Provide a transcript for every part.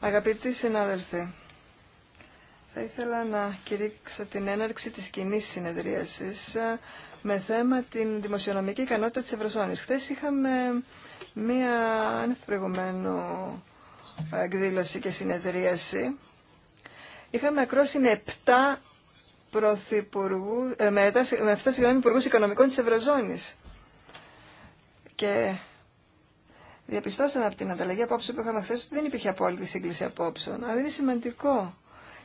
Αγαπητοί συνάδελφοι, θα ήθελα να κηρύξω την έναρξη της κοινή συνεδρίασης ε, με θέμα την δημοσιονομική ικανότητα της Ευρωζώνης. Χθες είχαμε μία ανευπροηγουμένου εκδήλωση και συνεδρίαση. Είχαμε ακρόση με 7 πρωθυπουργού, ε, με 7 συγγνώμη, υπουργούς οικονομικών της Ευρωζώνης. Και διαπιστώσαμε από την ανταλλαγή απόψε που είχαμε χθε ότι δεν υπήρχε απόλυτη σύγκληση απόψεων. Αλλά είναι σημαντικό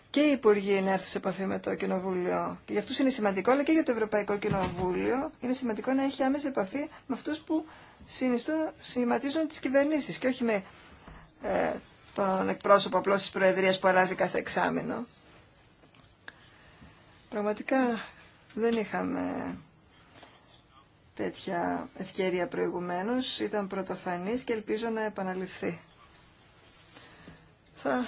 και οι υπουργοί να έρθουν σε επαφή με το Κοινοβούλιο. Και για αυτού είναι σημαντικό, αλλά και για το Ευρωπαϊκό Κοινοβούλιο είναι σημαντικό να έχει άμεση επαφή με αυτού που σχηματίζουν τι κυβερνήσει και όχι με ε, τον εκπρόσωπο απλώ τη Προεδρία που αλλάζει κάθε εξάμεινο. Πραγματικά δεν είχαμε τέτοια ευκαιρία προηγουμένως. Ήταν πρωτοφανής και ελπίζω να επαναληφθεί. Θα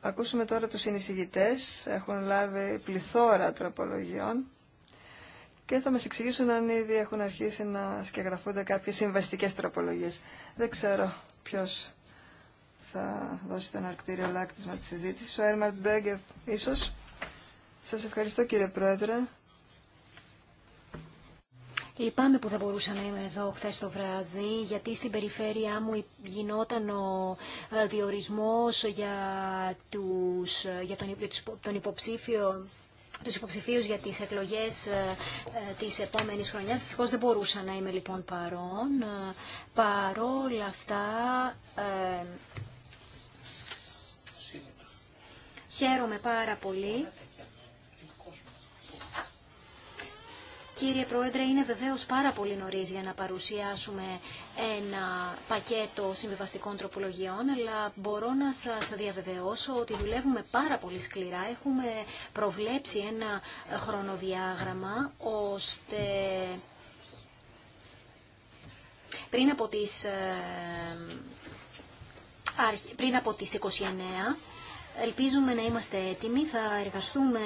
ακούσουμε τώρα τους συνεισηγητές. Έχουν λάβει πληθώρα τροπολογιών και θα μας εξηγήσουν αν ήδη έχουν αρχίσει να σκεγγραφούνται κάποιες συμβαστικές τροπολογίες. Δεν ξέρω ποιος θα δώσει τον Αρκτήριο λάκτισμα της συζήτησης. Ο Έρμαρτ Μπέγκεφ ίσως. Σας ευχαριστώ κύριε Πρόεδρε. Λυπάμαι που δεν μπορούσα να είμαι εδώ χθε το βράδυ, γιατί στην περιφέρειά μου γινόταν ο ε, διορισμός για, τους, ε, για τον, για τον υποψήφιο τους υποψηφίους για τις εκλογές ε, της επόμενης χρονιάς. Δυστυχώς δεν μπορούσα να είμαι λοιπόν παρόν. Παρόλα αυτά, ε, χαίρομαι πάρα πολύ κύριε Πρόεδρε, είναι βεβαίως πάρα πολύ νωρίς για να παρουσιάσουμε ένα πακέτο συμβιβαστικών τροπολογιών, αλλά μπορώ να σας διαβεβαιώσω ότι δουλεύουμε πάρα πολύ σκληρά. Έχουμε προβλέψει ένα χρονοδιάγραμμα, ώστε πριν από τις, ε, πριν από τις 29... Ελπίζουμε να είμαστε έτοιμοι, θα εργαστούμε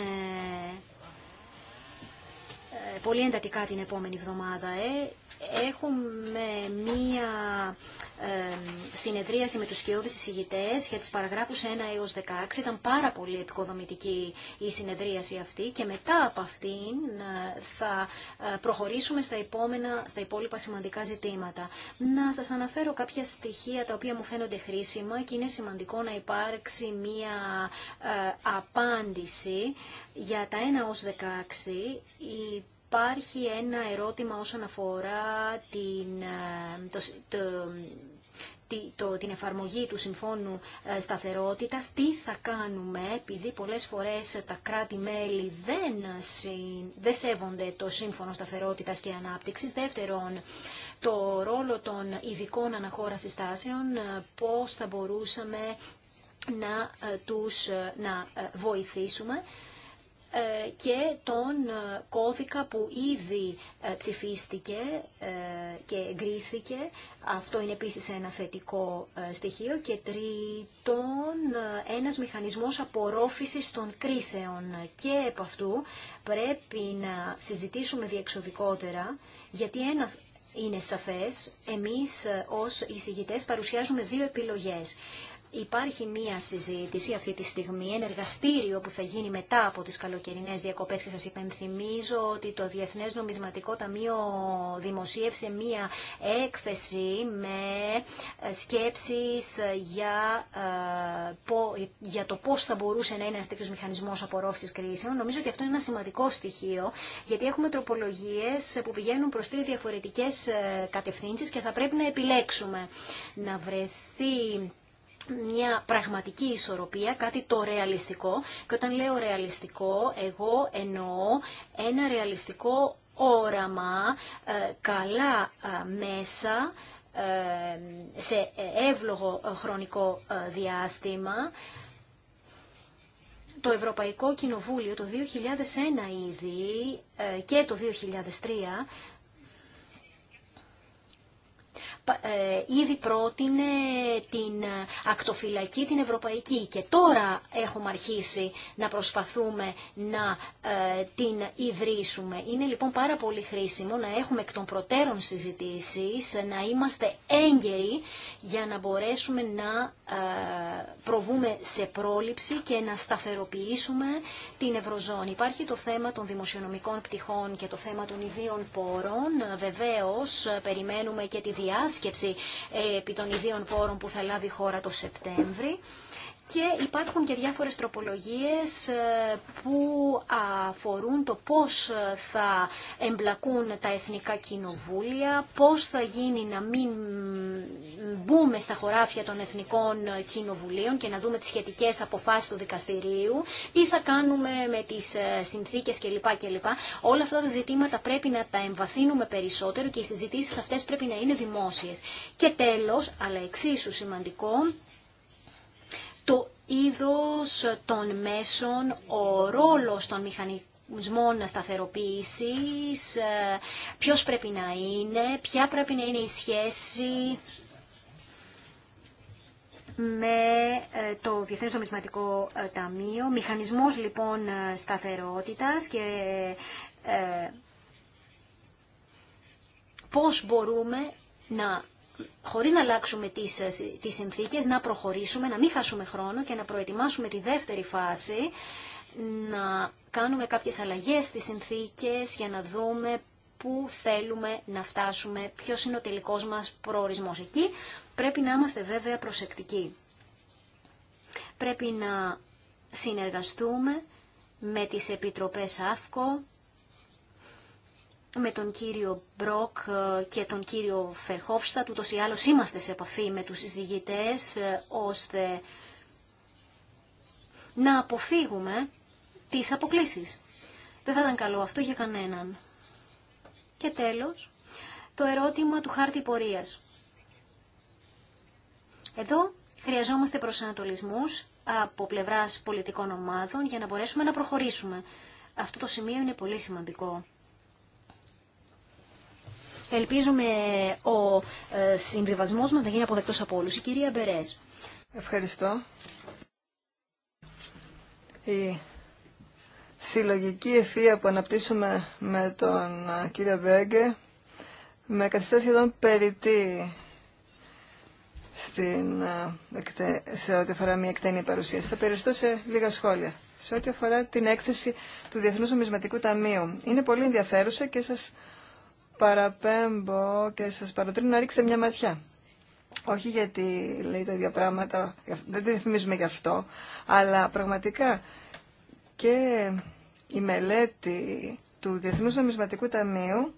ε, πολύ εντατικά την επόμενη εβδομάδα. Ε. Έχουμε μία ε, συνεδρίαση με τους σκιώδεις εισηγητές για τις παραγράφους 1 έως 16. Ήταν πάρα πολύ επικοδομητική η συνεδρίαση αυτή και μετά από αυτήν ε, θα προχωρήσουμε στα, επόμενα, στα υπόλοιπα σημαντικά ζητήματα. Να σας αναφέρω κάποια στοιχεία τα οποία μου φαίνονται χρήσιμα και είναι σημαντικό να υπάρξει μία απάντηση για τα 1 ως 16 υπάρχει ένα ερώτημα όσον αφορά την, ε, το, το, την εφαρμογή του Συμφώνου ε, Σταθερότητας, τι θα κάνουμε, επειδή πολλές φορές τα κράτη-μέλη δεν, δεν σέβονται το Σύμφωνο Σταθερότητας και Ανάπτυξης. Δεύτερον, το ρόλο των ειδικών αναχώρασης τάσεων, ε, πώς θα μπορούσαμε να τους να βοηθήσουμε. Ε, και τον ε, κώδικα που ήδη ε, ψηφίστηκε και εγκρίθηκε. Αυτό είναι επίσης ένα θετικό στοιχείο. Και τρίτον, ένας μηχανισμός απορρόφησης των κρίσεων. Και από αυτού πρέπει να συζητήσουμε διεξοδικότερα, γιατί ένα είναι σαφές, εμείς ως εισηγητές παρουσιάζουμε δύο επιλογές. Υπάρχει μία συζήτηση αυτή τη στιγμή, ένα εργαστήριο που θα γίνει μετά από τις καλοκαιρινές διακοπές και σας υπενθυμίζω ότι το Διεθνές Νομισματικό Ταμείο δημοσίευσε μία έκθεση με ε, σκέψεις για, ε, για το πώς θα μπορούσε να είναι ένας τέτοιος μηχανισμός απορρόφησης κρίσεων. Νομίζω ότι αυτό είναι ένα σημαντικό στοιχείο, γιατί έχουμε τροπολογίες που πηγαίνουν προς τρεις διαφορετικές ε, κατευθύνσεις και θα πρέπει να επιλέξουμε να βρεθεί μια πραγματική ισορροπία, κάτι το ρεαλιστικό. Και όταν λέω ρεαλιστικό, εγώ εννοώ ένα ρεαλιστικό όραμα, ε, καλά ε, μέσα, ε, σε εύλογο χρονικό διάστημα. Το Ευρωπαϊκό Κοινοβούλιο το 2001 ήδη και το 2003 ε, ήδη πρότεινε την ακτοφυλακή την ευρωπαϊκή και τώρα έχουμε αρχίσει να προσπαθούμε να ε, την ιδρύσουμε. Είναι λοιπόν πάρα πολύ χρήσιμο να έχουμε εκ των προτέρων συζητήσεις, να είμαστε έγκαιροι για να μπορέσουμε να ε, προβούμε σε πρόληψη και να σταθεροποιήσουμε την Ευρωζώνη. Υπάρχει το θέμα των δημοσιονομικών πτυχών και το θέμα των ιδίων πόρων. Βεβαίως περιμένουμε και τη ε, επί των ιδίων πόρων που θα λάβει η χώρα το Σεπτέμβρη και υπάρχουν και διάφορες τροπολογίες ε, που αφορούν το πώς ε, θα εμπλακούν τα εθνικά κοινοβούλια, πώς θα γίνει να μην μπούμε στα χωράφια των εθνικών κοινοβουλίων και να δούμε τις σχετικές αποφάσεις του δικαστηρίου, τι θα κάνουμε με τις ε, συνθήκες κλπ. κλπ. Όλα αυτά τα ζητήματα πρέπει να τα εμβαθύνουμε περισσότερο και οι συζητήσεις αυτές πρέπει να είναι δημόσιες. Και τέλος, αλλά εξίσου σημαντικό, το είδος των μέσων, ο ρόλος των μηχανισμών σταθεροποίησης, ε, ποιος πρέπει να είναι, ποια πρέπει να είναι η σχέση με ε, το Διεθνές Νομισματικό ε, Ταμείο, μηχανισμός λοιπόν σταθερότητας και πώς μπορούμε να χωρίς να αλλάξουμε τις, τις συνθήκες, να προχωρήσουμε, να μην χάσουμε χρόνο και να προετοιμάσουμε τη δεύτερη φάση, να κάνουμε κάποιες αλλαγές στις συνθήκες για να δούμε πού θέλουμε να φτάσουμε, ποιος είναι ο τελικός μας προορισμός. Εκεί πρέπει να είμαστε βέβαια προσεκτικοί. Πρέπει να συνεργαστούμε με τις επιτροπές ΑΦΚΟ, με τον κύριο Μπροκ ε, και τον κύριο Φερχόφστα του ή άλλως είμαστε σε επαφή με τους συζητητέ, ε, ώστε να αποφύγουμε τις αποκλήσεις. Δεν θα ήταν καλό αυτό για κανέναν. Και τέλος, το ερώτημα του χάρτη πορείας. Εδώ χρειαζόμαστε προσανατολισμούς από πλευράς πολιτικών ομάδων για να μπορέσουμε να προχωρήσουμε. Αυτό το σημείο είναι πολύ σημαντικό. Ελπίζουμε ο ε, συμβιβασμός μας να γίνει αποδεκτός από όλους. Η κυρία Μπερέζ. Ευχαριστώ. Η συλλογική ευφία που αναπτύσσουμε με τον ε, κύριο Μπέγκε με καθιστά σχεδόν περιττή στην, ε, σε ό,τι αφορά μια εκτενή παρουσίαση. Θα περιοριστώ σε λίγα σχόλια. Σε ό,τι αφορά την έκθεση του Διεθνούς Νομισματικού Ταμείου. Είναι πολύ ενδιαφέρουσα και σας παραπέμπω και σας παροτρύνω να ρίξετε μια ματιά. Όχι γιατί λέει τα ίδια πράγματα, δεν θυμίζουμε γι' αυτό, αλλά πραγματικά και η μελέτη του Διεθνούς Νομισματικού Ταμείου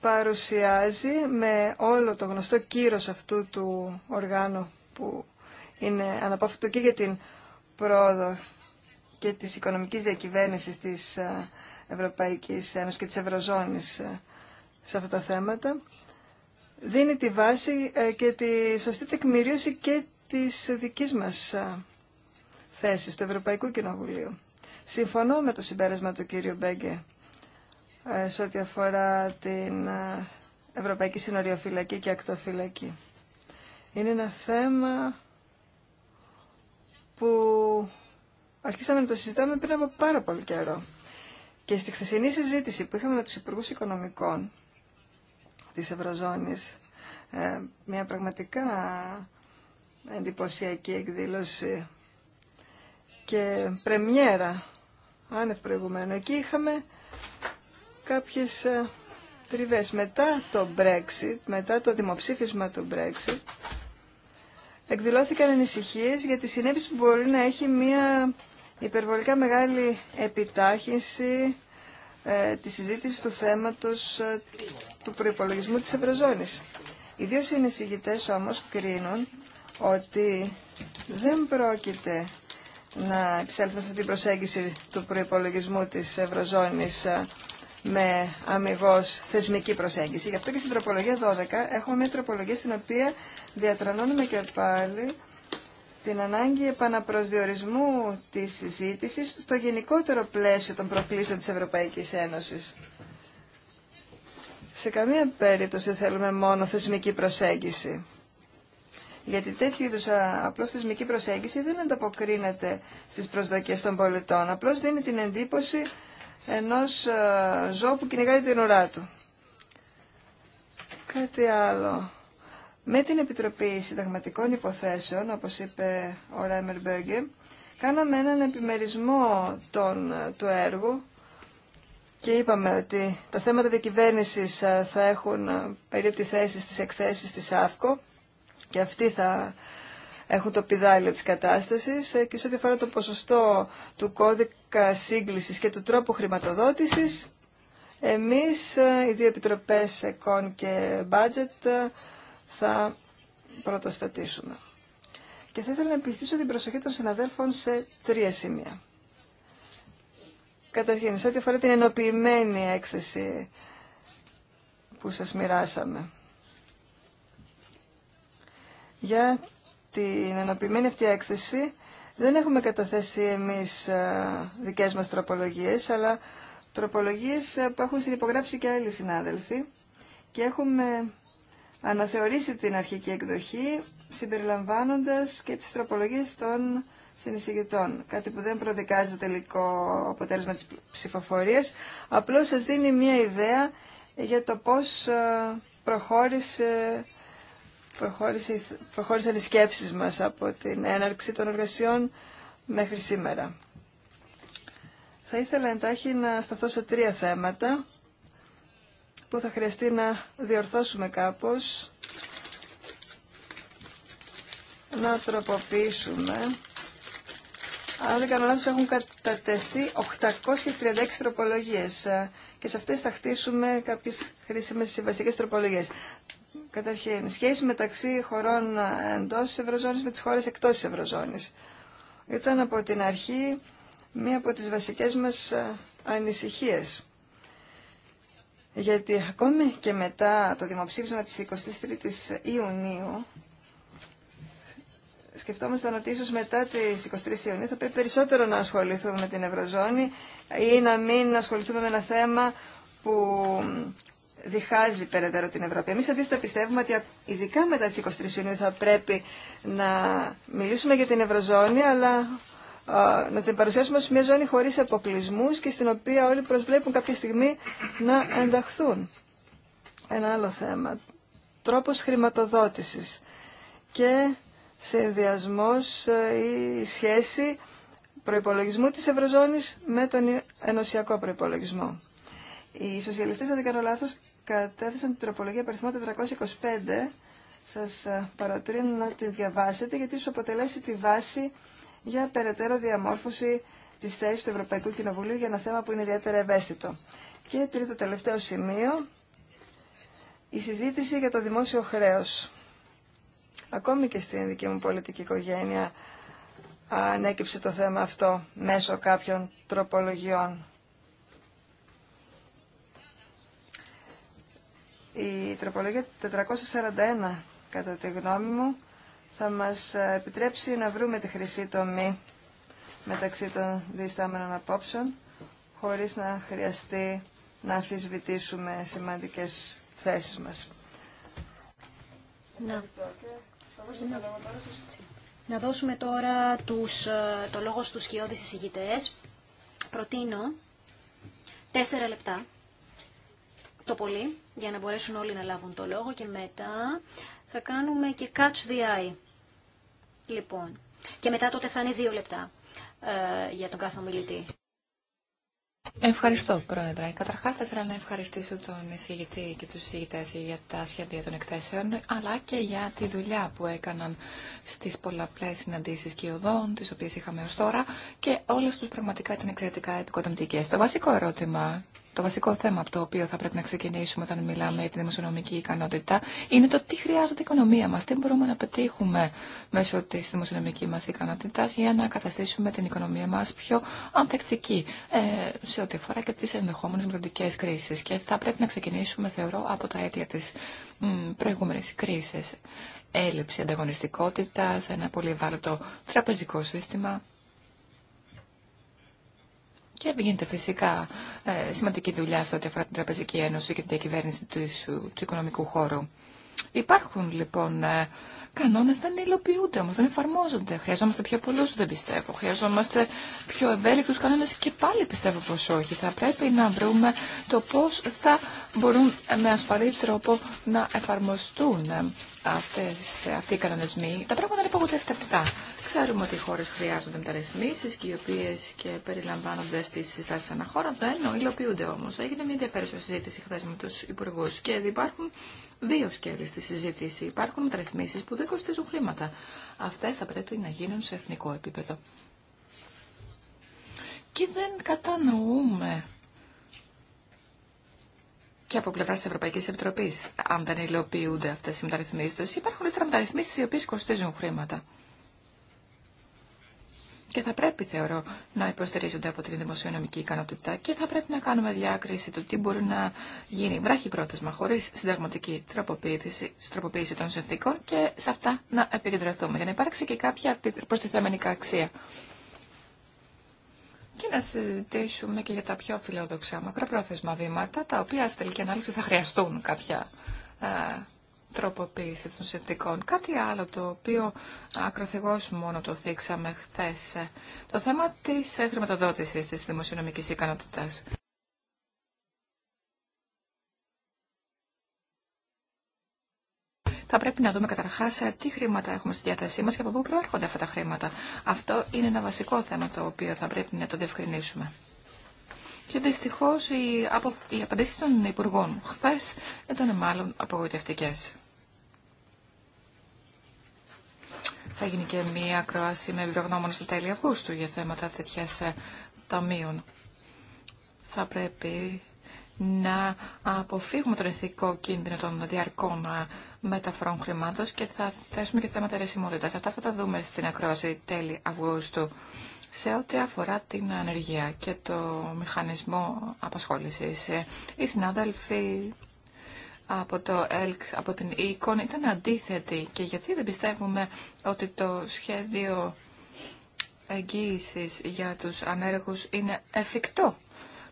παρουσιάζει με όλο το γνωστό κύρος αυτού του οργάνου που είναι αναπόφευκτο και για την πρόοδο και της οικονομικής διακυβέρνησης της ε, Ευρωπαϊκής Ένωσης και της Ευρωζώνης ε, σε αυτά τα θέματα, δίνει τη βάση ε, και τη σωστή τεκμηρίωση και της δικής μας ε, θέσης του Ευρωπαϊκού Κοινοβουλίου. Συμφωνώ με το συμπέρασμα του κύριου Μπέγκε σε ό,τι αφορά την Ευρωπαϊκή Συνοριοφυλακή και Ακτοφυλακή. Είναι ένα θέμα που αρχίσαμε να το συζητάμε πριν από πάρα πολύ καιρό. Και στη χθεσινή συζήτηση που είχαμε με τους Υπουργούς Οικονομικών της Ευρωζώνης, ε, μια πραγματικά εντυπωσιακή εκδήλωση και πρεμιέρα άνευ προηγουμένου. Εκεί είχαμε κάποιες ε, τριβές. Μετά το Brexit, μετά το δημοψήφισμα του Brexit, εκδηλώθηκαν ανησυχίες για τις συνέπειες που μπορεί να έχει μια υπερβολικά μεγάλη επιτάχυνση ε, τη συζήτηση του θέματος ε, του προϋπολογισμού της Ευρωζώνης. Οι δύο συνεισηγητές όμως κρίνουν ότι δεν πρόκειται να εξέλθουν σε την προσέγγιση του προϋπολογισμού της Ευρωζώνης ε, με αμυγός θεσμική προσέγγιση. Γι' αυτό και στην τροπολογία 12 έχουμε μια τροπολογία στην οποία διατρανώνουμε και πάλι την ανάγκη επαναπροσδιορισμού της συζήτησης στο γενικότερο πλαίσιο των προκλήσεων της Ευρωπαϊκής Ένωσης. Σε καμία περίπτωση θέλουμε μόνο θεσμική προσέγγιση. Γιατί τέτοιου είδους απλώς θεσμική προσέγγιση δεν ανταποκρίνεται στις προσδοκίες των πολιτών. Απλώς δίνει την εντύπωση ενός ζώου που κυνηγάει την ουρά του. Κάτι άλλο με την Επιτροπή Συνταγματικών Υποθέσεων, όπως είπε ο Ράιμερ Μπέγκε, κάναμε έναν επιμερισμό των, του έργου και είπαμε ότι τα θέματα διακυβέρνησης ε, θα έχουν ε, περίπτωση θέση στις εκθέσεις της ΑΦΚΟ και αυτοί θα έχουν το πιδάλιο της κατάστασης ε, και σε ό,τι αφορά το ποσοστό του κώδικα σύγκλησης και του τρόπου χρηματοδότησης, εμείς, οι δύο επιτροπές ΕΚΟΝ και Budget, θα πρωτοστατήσουμε. Και θα ήθελα να επιστήσω την προσοχή των συναδέλφων σε τρία σημεία. Καταρχήν, σε ό,τι αφορά την ενοποιημένη έκθεση που σας μοιράσαμε. Για την ενοποιημένη αυτή έκθεση δεν έχουμε καταθέσει εμείς ε, δικές μας τροπολογίες, αλλά τροπολογίες που έχουν συνυπογράψει και άλλοι συνάδελφοι και έχουμε αναθεωρήσει την αρχική εκδοχή συμπεριλαμβάνοντας και τις τροπολογίες των συνεισηγητών. Κάτι που δεν προδικάζει το τελικό αποτέλεσμα της ψηφοφορίας, απλώς σας δίνει μια ιδέα για το πώς ε, προχώρησε, προχώρησε, προχώρησαν οι σκέψεις μας από την έναρξη των εργασιών μέχρι σήμερα. Θα ήθελα εντάχει να σταθώ σε τρία θέματα που θα χρειαστεί να διορθώσουμε κάπως, να τροποποιήσουμε. Αν δεν κάνω λάθος έχουν κατατεθεί 836 τροπολογίες ε, και σε αυτές θα χτίσουμε κάποιες χρήσιμες συμβαστικές τροπολογίες. Καταρχήν, σχέση μεταξύ χωρών εντός της Ευρωζώνης με τις χώρες εκτός της Ευρωζώνης. Ήταν από την αρχή μία από τις βασικές μας ε, ανησυχίες. Γιατί ακόμη και μετά το δημοψήφισμα της 23ης Ιουνίου, σκεφτόμασταν ότι ίσως μετά τις 23 Ιουνίου θα πρέπει περισσότερο να ασχοληθούμε με την Ευρωζώνη ή να μην ασχοληθούμε με ένα θέμα που διχάζει περαιτέρω την Ευρώπη. Εμείς αντίθετα πιστεύουμε ότι ειδικά μετά τις 23 Ιουνίου θα πρέπει να μιλήσουμε για την Ευρωζώνη, αλλά να την παρουσιάσουμε ως μια ζώνη χωρίς αποκλεισμούς και στην οποία όλοι προσβλέπουν κάποια στιγμή να ενταχθούν. Ένα άλλο θέμα. Τρόπος χρηματοδότησης και συνδυασμός ή ε, σχέση προϋπολογισμού της Ευρωζώνης με τον ενωσιακό προϋπολογισμό. Οι σοσιαλιστές, αν δεν κάνω λάθος, κατέθεσαν την τροπολογία περιθμό 425. Σας ε, παρατρύνω να τη διαβάσετε γιατί σου αποτελέσει τη βάση για περαιτέρω διαμόρφωση τη θέση του Ευρωπαϊκού Κοινοβουλίου για ένα θέμα που είναι ιδιαίτερα ευαίσθητο. Και τρίτο τελευταίο σημείο, η συζήτηση για το δημόσιο χρέο. Ακόμη και στην δική μου πολιτική οικογένεια ανέκυψε το θέμα αυτό μέσω κάποιων τροπολογιών. Η τροπολογία 441, κατά τη γνώμη μου, θα μας ε, επιτρέψει να βρούμε τη χρυσή τομή μεταξύ των διστάμενων απόψεων, χωρίς να χρειαστεί να αφισβητήσουμε σημαντικές θέσεις μας. Να, ναι. να δώσουμε τώρα τους, ε, το λόγο στους σκιώδεις εισηγητές. Προτείνω τέσσερα λεπτά το πολύ για να μπορέσουν όλοι να λάβουν το λόγο και μετά θα κάνουμε και catch the eye. Λοιπόν, και μετά τότε θα είναι δύο λεπτά ε, για τον κάθε ομιλητή. Ευχαριστώ, Πρόεδρε. Καταρχά, θα ήθελα να ευχαριστήσω τον εισηγητή και του εισηγητέ για τα σχέδια των εκθέσεων, αλλά και για τη δουλειά που έκαναν στι πολλαπλέ συναντήσει και οδών, τι οποίε είχαμε ω τώρα, και όλε του πραγματικά ήταν εξαιρετικά επικοδομητικέ. Το βασικό ερώτημα το βασικό θέμα από το οποίο θα πρέπει να ξεκινήσουμε όταν μιλάμε για τη δημοσιονομική ικανότητα είναι το τι χρειάζεται η οικονομία μας, τι μπορούμε να πετύχουμε μέσω της δημοσιονομικής μας ικανότητας για να καταστήσουμε την οικονομία μας πιο ανθεκτική ε, σε ό,τι αφορά και τις ενδεχόμενες μελλοντικέ κρίσεις. Και θα πρέπει να ξεκινήσουμε, θεωρώ, από τα αίτια της προηγούμενη προηγούμενης κρίσης. Έλλειψη ανταγωνιστικότητας, ένα πολύ ευάλωτο τραπεζικό σύστημα, και γίνεται φυσικά ε, σημαντική δουλειά σε ό,τι αφορά την Τραπεζική Ένωση και την διακυβέρνηση του, του οικονομικού χώρου. Υπάρχουν λοιπόν ε, Κανόνε δεν υλοποιούνται όμω, δεν εφαρμόζονται. Χρειαζόμαστε πιο πολλού, δεν πιστεύω. Χρειαζόμαστε πιο ευέλικτου κανόνε και πάλι πιστεύω πω όχι. Θα πρέπει να βρούμε το πώ θα μπορούν με ασφαλή τρόπο να εφαρμοστούν αυτές, αυτοί οι κανονισμοί. Τα πράγματα είναι παγωτεύτα Ξέρουμε ότι οι χώρε χρειάζονται μεταρρυθμίσει και οι οποίε και περιλαμβάνονται στι συστάσεις αναχώρα δεν υλοποιούνται όμω. Έγινε μια ενδιαφέρουσα συζήτηση χθε με του υπουργού και υπάρχουν δύο σκέλη στη συζήτηση. Υπάρχουν μεταρρυθμίσει που δεν κοστίζουν χρήματα. Αυτέ θα πρέπει να γίνουν σε εθνικό επίπεδο. Και δεν κατανοούμε και από πλευρά τη Ευρωπαϊκή Επιτροπή, αν δεν υλοποιούνται αυτέ οι μεταρρυθμίσει. Υπάρχουν ύστερα μεταρρυθμίσει οι οποίε κοστίζουν χρήματα και θα πρέπει, θεωρώ, να υποστηρίζονται από την δημοσιονομική ικανότητα και θα πρέπει να κάνουμε διάκριση του τι μπορεί να γίνει βράχη πρόθεσμα χωρί συνταγματική τροποποίηση, τροποποίηση των συνθήκων και σε αυτά να επικεντρωθούμε για να υπάρξει και κάποια προστιθέμενη αξία. Και να συζητήσουμε και για τα πιο φιλόδοξα μακροπρόθεσμα βήματα, τα οποία στη τελική ανάλυση θα χρειαστούν κάποια ε, τροποποίηση των συνθηκών. Κάτι άλλο το οποίο ακροθυγώς μόνο το θίξαμε χθε. Ε, το θέμα της ε, χρηματοδότηση της δημοσιονομικής ικανότητας. θα πρέπει να δούμε καταρχά ε, τι χρήματα έχουμε στη διάθεσή μα και από πού προέρχονται αυτά τα χρήματα. Αυτό είναι ένα βασικό θέμα το οποίο θα πρέπει να το διευκρινίσουμε. Και δυστυχώ οι, απο... οι απαντήσει των υπουργών χθε ήταν μάλλον απογοητευτικέ. θα και μία ακρόαση με εμπειρογνώμονα στο τέλη Αυγούστου για θέματα τέτοια ε, ταμείων. Θα πρέπει να αποφύγουμε τον ηθικό κίνδυνο των διαρκών ε, μεταφορών χρημάτων και θα θέσουμε και θέματα ρεσιμότητα. Αυτά θα τα δούμε στην ακρόαση τέλη Αυγούστου σε ό,τι αφορά την ανεργία και το μηχανισμό απασχόλησης. Ε, οι συνάδελφοι από το από την ΕΚΟΝ ήταν αντίθετη και γιατί δεν πιστεύουμε ότι το σχέδιο εγγύησης για τους ανέργους είναι εφικτό.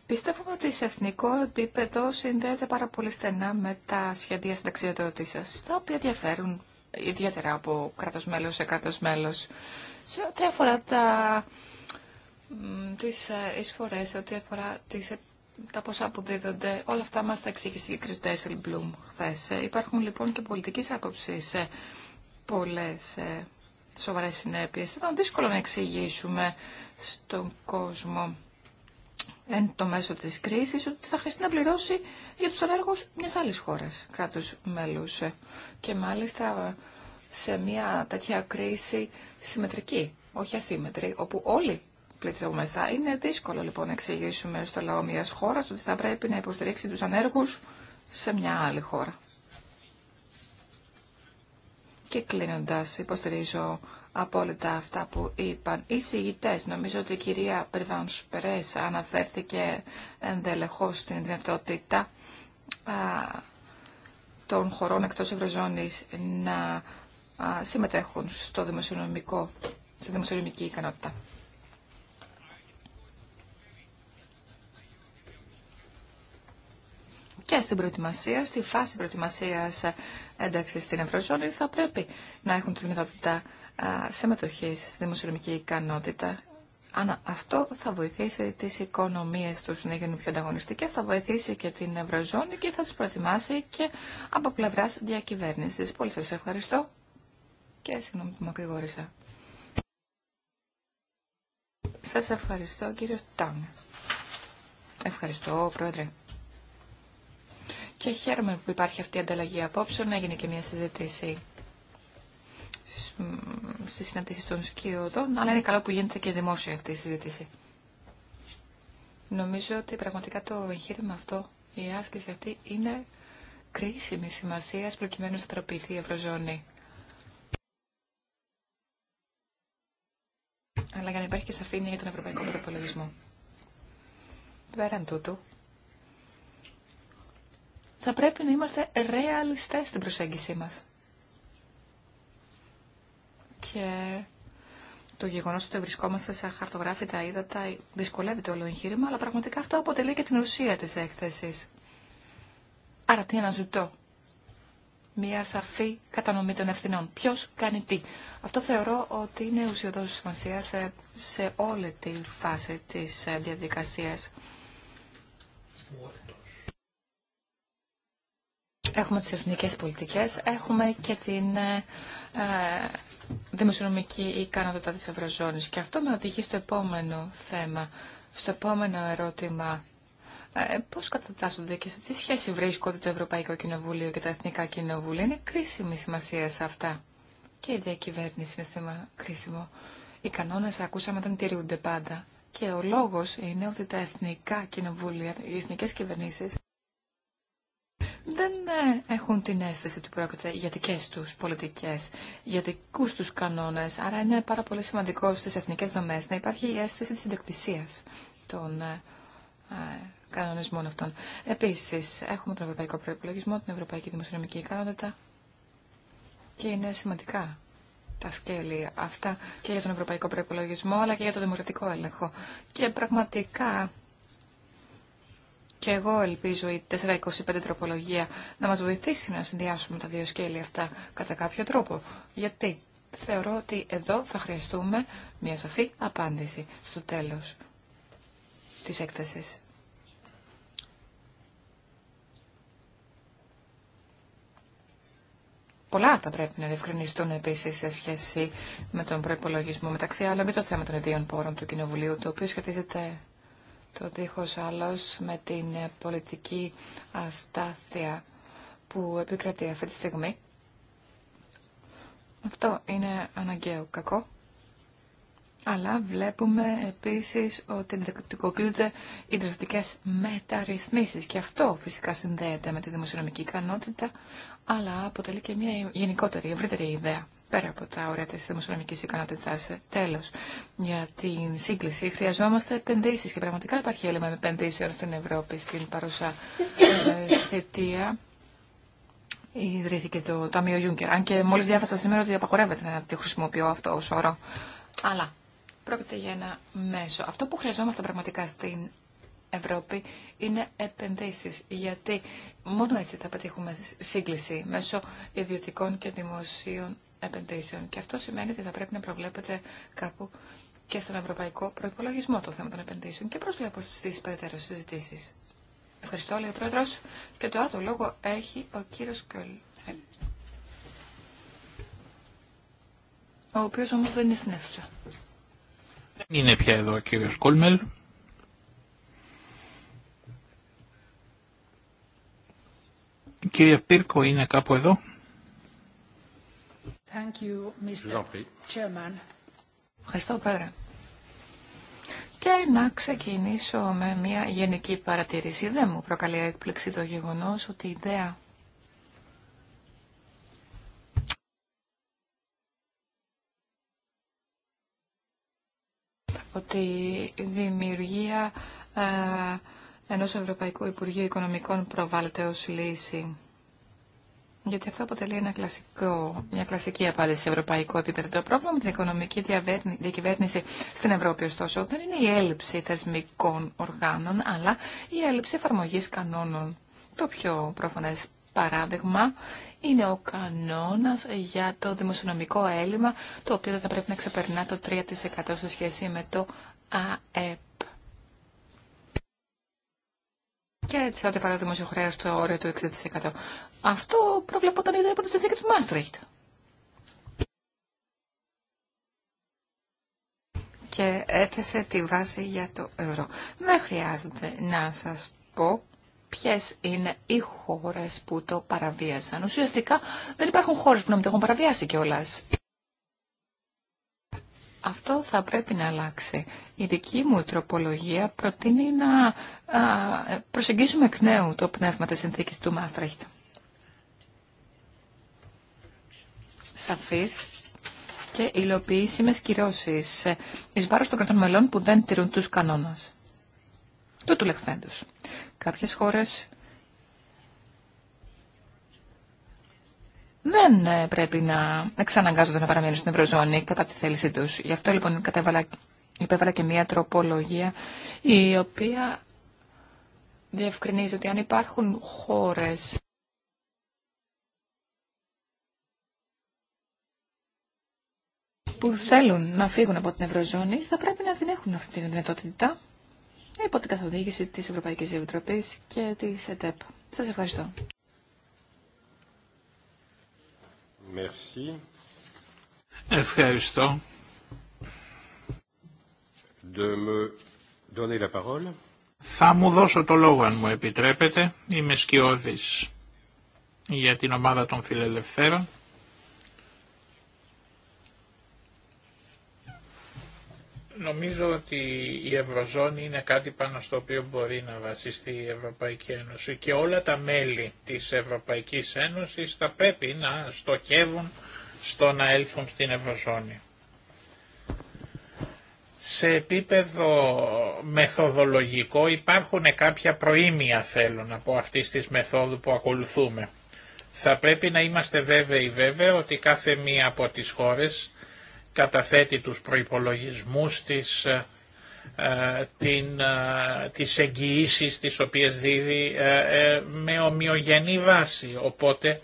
Πιστεύουμε ότι σε εθνικό επίπεδο συνδέεται πάρα πολύ στενά με τα σχέδια συνταξιοδότησης, τα οποία διαφέρουν ιδιαίτερα από κράτος μέλος σε κράτος μέλος. Σε ό,τι αφορά τα, τις ε, εισφορές, σε ό,τι αφορά τις τα ποσά που δίδονται, όλα αυτά μας τα εξήγησε η κ. Τέσσελ Μπλουμ χθες. Ε, υπάρχουν λοιπόν και πολιτικής σε πολλές ε, σοβαρές συνέπειες. Ήταν δύσκολο να εξηγήσουμε στον κόσμο εν το μέσο της κρίσης ότι θα χρειαστεί να πληρώσει για τους ανέργους μιας άλλης χώρας, κράτους μέλους. Ε, και μάλιστα σε μια τέτοια κρίση συμμετρική, όχι ασύμμετρη, όπου όλοι είναι δύσκολο λοιπόν να εξηγήσουμε στο λαό μια χώρα ότι θα πρέπει να υποστηρίξει του ανέργου σε μια άλλη χώρα. Και κλείνοντα, υποστηρίζω απόλυτα αυτά που είπαν οι συγητέ. Νομίζω ότι η κυρία Περβάν Σπερέσα αναφέρθηκε ενδελεχώ στην δυνατότητα των χωρών εκτό Ευρωζώνη να συμμετέχουν στο δημοσιονομικό, στη δημοσιονομική ικανότητα. και στην προετοιμασία, στη φάση προετοιμασία ε, ένταξη στην Ευρωζώνη, θα πρέπει να έχουν τη δυνατότητα ε, συμμετοχή στη δημοσιονομική ικανότητα. Αν αυτό θα βοηθήσει τι οικονομίε του να γίνουν πιο ανταγωνιστικέ, θα βοηθήσει και την Ευρωζώνη και θα του προετοιμάσει και από πλευρά διακυβέρνηση. Πολύ σα ευχαριστώ και συγγνώμη που μακρηγόρησα. Σα ευχαριστώ κύριο Τάν. Ευχαριστώ πρόεδρε και χαίρομαι που υπάρχει αυτή η ανταλλαγή απόψεων. Έγινε και μια συζήτηση στις συναντήσεις των σκιωδών, αλλά είναι καλό που γίνεται και δημόσια αυτή η συζήτηση. Νομίζω ότι πραγματικά το εγχείρημα αυτό, η άσκηση αυτή, είναι κρίσιμη σημασία προκειμένου να τραπηθεί η Ευρωζώνη. Αλλά για να υπάρχει και σαφήνεια για τον ευρωπαϊκό προπολογισμό. Πέραν τούτου, θα πρέπει να είμαστε ρεαλιστές στην προσέγγιση μας. Και το γεγονός ότι βρισκόμαστε σε χαρτογράφητα ύδατα δυσκολεύει το όλο εγχείρημα, αλλά πραγματικά αυτό αποτελεί και την ουσία της έκθεσης. Άρα τι αναζητώ. Μία σαφή κατανομή των ευθυνών. Ποιο κάνει τι. Αυτό θεωρώ ότι είναι ουσιοδό σημασία σε, σε όλη τη φάση τη ε, διαδικασία. Έχουμε τις εθνικές πολιτικές, έχουμε και την ε, ε, δημοσιονομική ικανότητα της Ευρωζώνης. Και αυτό με οδηγεί στο επόμενο θέμα, στο επόμενο ερώτημα. Ε, πώς κατατάσσονται και σε τι σχέση βρίσκονται το Ευρωπαϊκό Κοινοβούλιο και τα Εθνικά Κοινοβούλια. Είναι κρίσιμη σημασία σε αυτά. Και η διακυβέρνηση είναι θέμα κρίσιμο. Οι κανόνες, ακούσαμε, δεν τηρούνται πάντα. Και ο λόγος είναι ότι τα Εθνικά Κοινοβούλια, οι Εθνικές Κυβερνήσεις, δεν ε, έχουν την αίσθηση ότι πρόκειται για δικέ του πολιτικέ, για δικού του κανόνε. Άρα είναι πάρα πολύ σημαντικό στι εθνικέ δομέ να υπάρχει η αίσθηση τη ιδιοκτησία των ε, ε, κανονισμών αυτών. Επίση, έχουμε τον Ευρωπαϊκό Προπολογισμό, την Ευρωπαϊκή Δημοσιονομική Ικανότητα και είναι σημαντικά τα σκέλη αυτά και για τον Ευρωπαϊκό Προπολογισμό αλλά και για το Δημοκρατικό Έλεγχο. Και πραγματικά και εγώ ελπίζω η 425 τροπολογία να μας βοηθήσει να συνδυάσουμε τα δύο σκέλη αυτά κατά κάποιο τρόπο. Γιατί θεωρώ ότι εδώ θα χρειαστούμε μια σαφή απάντηση στο τέλος της έκθεσης. Πολλά θα πρέπει να διευκρινιστούν επίση σε σχέση με τον προπολογισμό μεταξύ άλλων με το θέμα των ιδίων πόρων του Κοινοβουλίου, το οποίο σχετίζεται το δίχως άλλος με την πολιτική αστάθεια που επικρατεί αυτή τη στιγμή. Αυτό είναι αναγκαίο κακό. Αλλά βλέπουμε επίσης ότι εντακτικοποιούνται οι δραστικές μεταρρυθμίσεις και αυτό φυσικά συνδέεται με τη δημοσιονομική ικανότητα, αλλά αποτελεί και μια γενικότερη, ευρύτερη ιδέα πέρα από τα όρια της δημοσιονομικής ικανότητας. Τέλος, για την σύγκληση χρειαζόμαστε επενδύσει και πραγματικά υπάρχει έλλειμμα επενδύσεων στην Ευρώπη στην παρούσα ε, θετία. Ιδρύθηκε το Ταμείο Γιούγκερ, αν και μόλις διάβασα σήμερα ότι απαγορεύεται να τη χρησιμοποιώ αυτό ως όρο. Αλλά πρόκειται για ένα μέσο. Αυτό που χρειαζόμαστε πραγματικά στην Ευρώπη είναι επενδύσεις, γιατί μόνο έτσι θα πετύχουμε σύγκληση μέσω ιδιωτικών και δημοσίων επενδύσεων. Και αυτό σημαίνει ότι θα πρέπει να προβλέπετε κάπου και στον ευρωπαϊκό προπολογισμό το θέμα των επενδύσεων και προσβλέπω στι περαιτέρω συζητήσει. Ευχαριστώ, λέει ο πρόεδρο. Και τώρα το λόγο έχει ο κύριο Κιόλ. Ο οποίο όμω δεν είναι στην αίθουσα. Δεν είναι πια εδώ ο κύριο Κόλμελ. Η κυρία Πύρκο είναι κάπου εδώ. Ευχαριστώ, Και να ξεκινήσω με μια γενική παρατήρηση. Δεν μου προκαλεί έκπληξη το γεγονός ότι η ιδέα ότι η δημιουργία ε, ενός Ευρωπαϊκού Υπουργείου Οικονομικών προβάλλεται ως λύση γιατί αυτό αποτελεί ένα κλασικό, μια κλασική απάντηση σε ευρωπαϊκό επίπεδο. Το πρόβλημα με την οικονομική διακυβέρνηση στην Ευρώπη, ωστόσο, δεν είναι η έλλειψη θεσμικών οργάνων, αλλά η έλλειψη εφαρμογή κανόνων. Το πιο προφανέ παράδειγμα είναι ο κανόνας για το δημοσιονομικό έλλειμμα, το οποίο δεν θα πρέπει να ξεπερνά το 3% σε σχέση με το ΑΕΠ. και έτσι ό,τι αφορά το δημοσιοχρέο στο όριο του 60%. Αυτό προβλεπόταν ήδη από τη συνθήκη του Μάστριχτ. Και έθεσε τη βάση για το ευρώ. Δεν χρειάζεται να σας πω ποιε είναι οι χώρε που το παραβίασαν. Ουσιαστικά δεν υπάρχουν χώρε που να μην το έχουν παραβιάσει κιόλα. Αυτό θα πρέπει να αλλάξει. Η δική μου τροπολογία προτείνει να προσεγγίσουμε εκ νέου το πνεύμα της συνθήκης του Μάστραχτ. Σαφής και υλοποιήσιμες κυρώσεις εις βάρος των κρατών μελών που δεν τηρούν τους κανόνας. Τούτου του λεχθέντους. Κάποιες χώρες δεν ε, πρέπει να εξαναγκάζονται να παραμείνουν στην Ευρωζώνη κατά τη θέλησή τους. Γι' αυτό λοιπόν κατέβαλα, υπέβαλα και μία τροπολογία η οποία διευκρινίζει ότι αν υπάρχουν χώρες που θέλουν να φύγουν από την Ευρωζώνη θα πρέπει να την έχουν αυτή την δυνατότητα υπό την καθοδήγηση της Ευρωπαϊκής Επιτροπής και της ΕΤΕΠ. Σας ευχαριστώ. Ευχαριστώ. De me donner la parole. Θα μου δώσω το λόγο αν μου επιτρέπετε. Είμαι σκιώδης για την ομάδα των φιλελευθέρων. Νομίζω ότι η Ευρωζώνη είναι κάτι πάνω στο οποίο μπορεί να βασιστεί η Ευρωπαϊκή Ένωση και όλα τα μέλη της Ευρωπαϊκής Ένωσης θα πρέπει να στοχεύουν στο να έλθουν στην Ευρωζώνη. Σε επίπεδο μεθοδολογικό υπάρχουν κάποια προήμια θέλουν από αυτή της μεθόδου που ακολουθούμε. Θα πρέπει να είμαστε βέβαιοι βέβαια ότι κάθε μία από τις χώρες καταθέτει τους προϋπολογισμούς της, ε, ε, την, ε, τις εγγυήσεις τις οποίες δίδει με ομοιογενή βάση. Οπότε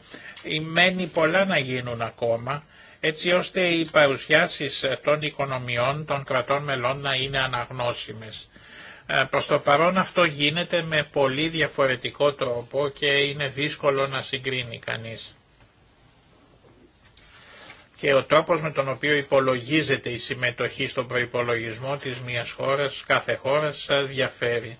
μένει πολλά να γίνουν ακόμα έτσι ώστε οι παρουσιάσεις των οικονομιών των κρατών μελών να είναι αναγνώσιμες. Προς το παρόν αυτό γίνεται με πολύ διαφορετικό τρόπο και είναι δύσκολο να συγκρίνει κανείς και ο τρόπος με τον οποίο υπολογίζεται η συμμετοχή στον προϋπολογισμό της μιας χώρας, κάθε χώρας, ε, διαφέρει.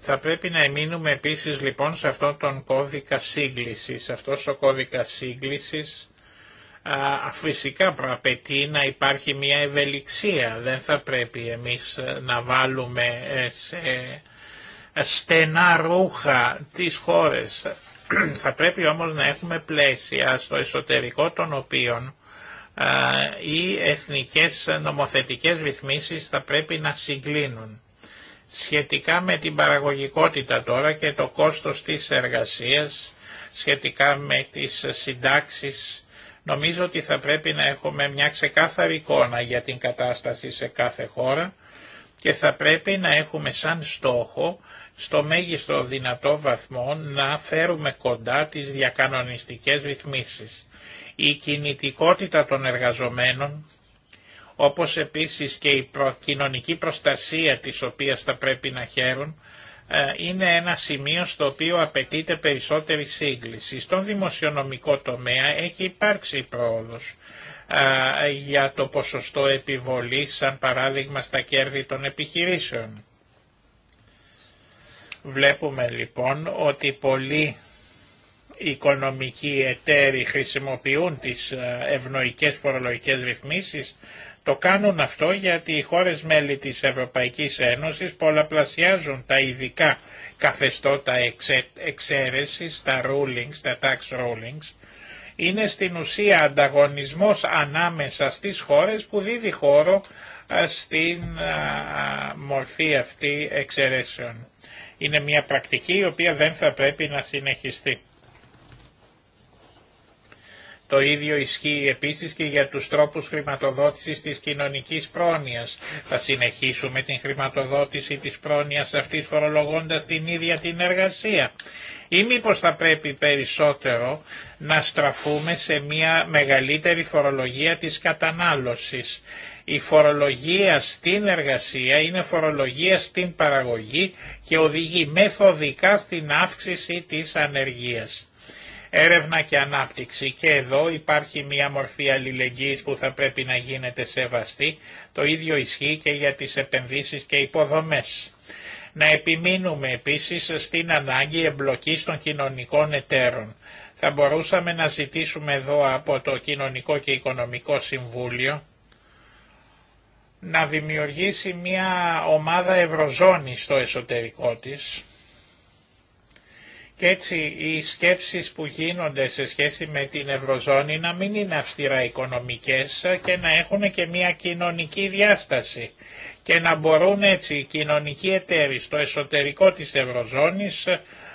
Θα πρέπει να εμείνουμε επίσης λοιπόν σε αυτόν τον κώδικα σύγκλησης. Αυτός ο κώδικα σύγκλησης α, φυσικά προαπαιτεί να υπάρχει μια ευελιξία. Δεν θα πρέπει εμείς ε, να βάλουμε ε, στενά ρούχα τις χώρες. θα πρέπει όμως να έχουμε πλαίσια στο εσωτερικό των οποίων οι εθνικές νομοθετικές ρυθμίσεις θα πρέπει να συγκλίνουν. Σχετικά με την παραγωγικότητα τώρα και το κόστος της εργασίας, σχετικά με τις συντάξεις, νομίζω ότι θα πρέπει να έχουμε μια ξεκάθαρη εικόνα για την κατάσταση σε κάθε χώρα και θα πρέπει να έχουμε σαν στόχο στο μέγιστο δυνατό βαθμό να φέρουμε κοντά τις διακανονιστικές ρυθμίσεις η κινητικότητα των εργαζομένων, όπως επίσης και η κοινωνική προστασία της οποίας θα πρέπει να χαίρουν, ε, είναι ένα σημείο στο οποίο απαιτείται περισσότερη σύγκληση. Στον δημοσιονομικό τομέα έχει υπάρξει πρόοδος ε, για το ποσοστό επιβολής, σαν παράδειγμα στα κέρδη των επιχειρήσεων. Βλέπουμε λοιπόν ότι πολλοί οι οικονομικοί εταίροι χρησιμοποιούν τις ε, ευνοϊκές φορολογικές ρυθμίσεις, το κάνουν αυτό γιατί οι χώρες μέλη της Ευρωπαϊκής Ένωσης πολλαπλασιάζουν τα ειδικά καθεστώτα εξε, εξαίρεσης, τα rulings, τα tax rulings, είναι στην ουσία ανταγωνισμός ανάμεσα στις χώρες που δίδει χώρο ε, στην ε, μορφή αυτή εξαιρέσεων. Είναι μια πρακτική η οποία δεν θα πρέπει να συνεχιστεί. Το ίδιο ισχύει επίσης και για τους τρόπους χρηματοδότησης της κοινωνικής πρόνοιας. Θα συνεχίσουμε την χρηματοδότηση της πρόνοιας αυτής φορολογώντας την ίδια την εργασία. Ή μήπω θα πρέπει περισσότερο να στραφούμε σε μια μεγαλύτερη φορολογία της κατανάλωσης. Η φορολογία στην εργασία είναι φορολογία στην παραγωγή και οδηγεί μεθοδικά στην αύξηση της ανεργίας. Έρευνα και ανάπτυξη. Και εδώ υπάρχει μια μορφή αλληλεγγύης που θα πρέπει να γίνεται σεβαστή. Το ίδιο ισχύει και για τις επενδύσεις και υποδομές. Να επιμείνουμε επίσης στην ανάγκη εμπλοκής των κοινωνικών εταίρων. Θα μπορούσαμε να ζητήσουμε εδώ από το Κοινωνικό και Οικονομικό Συμβούλιο να δημιουργήσει μια ομάδα ευρωζώνης στο εσωτερικό της, και έτσι οι σκέψεις που γίνονται σε σχέση με την Ευρωζώνη να μην είναι αυστηρά οικονομικές και να έχουν και μια κοινωνική διάσταση και να μπορούν έτσι οι κοινωνικοί εταίροι στο εσωτερικό της Ευρωζώνης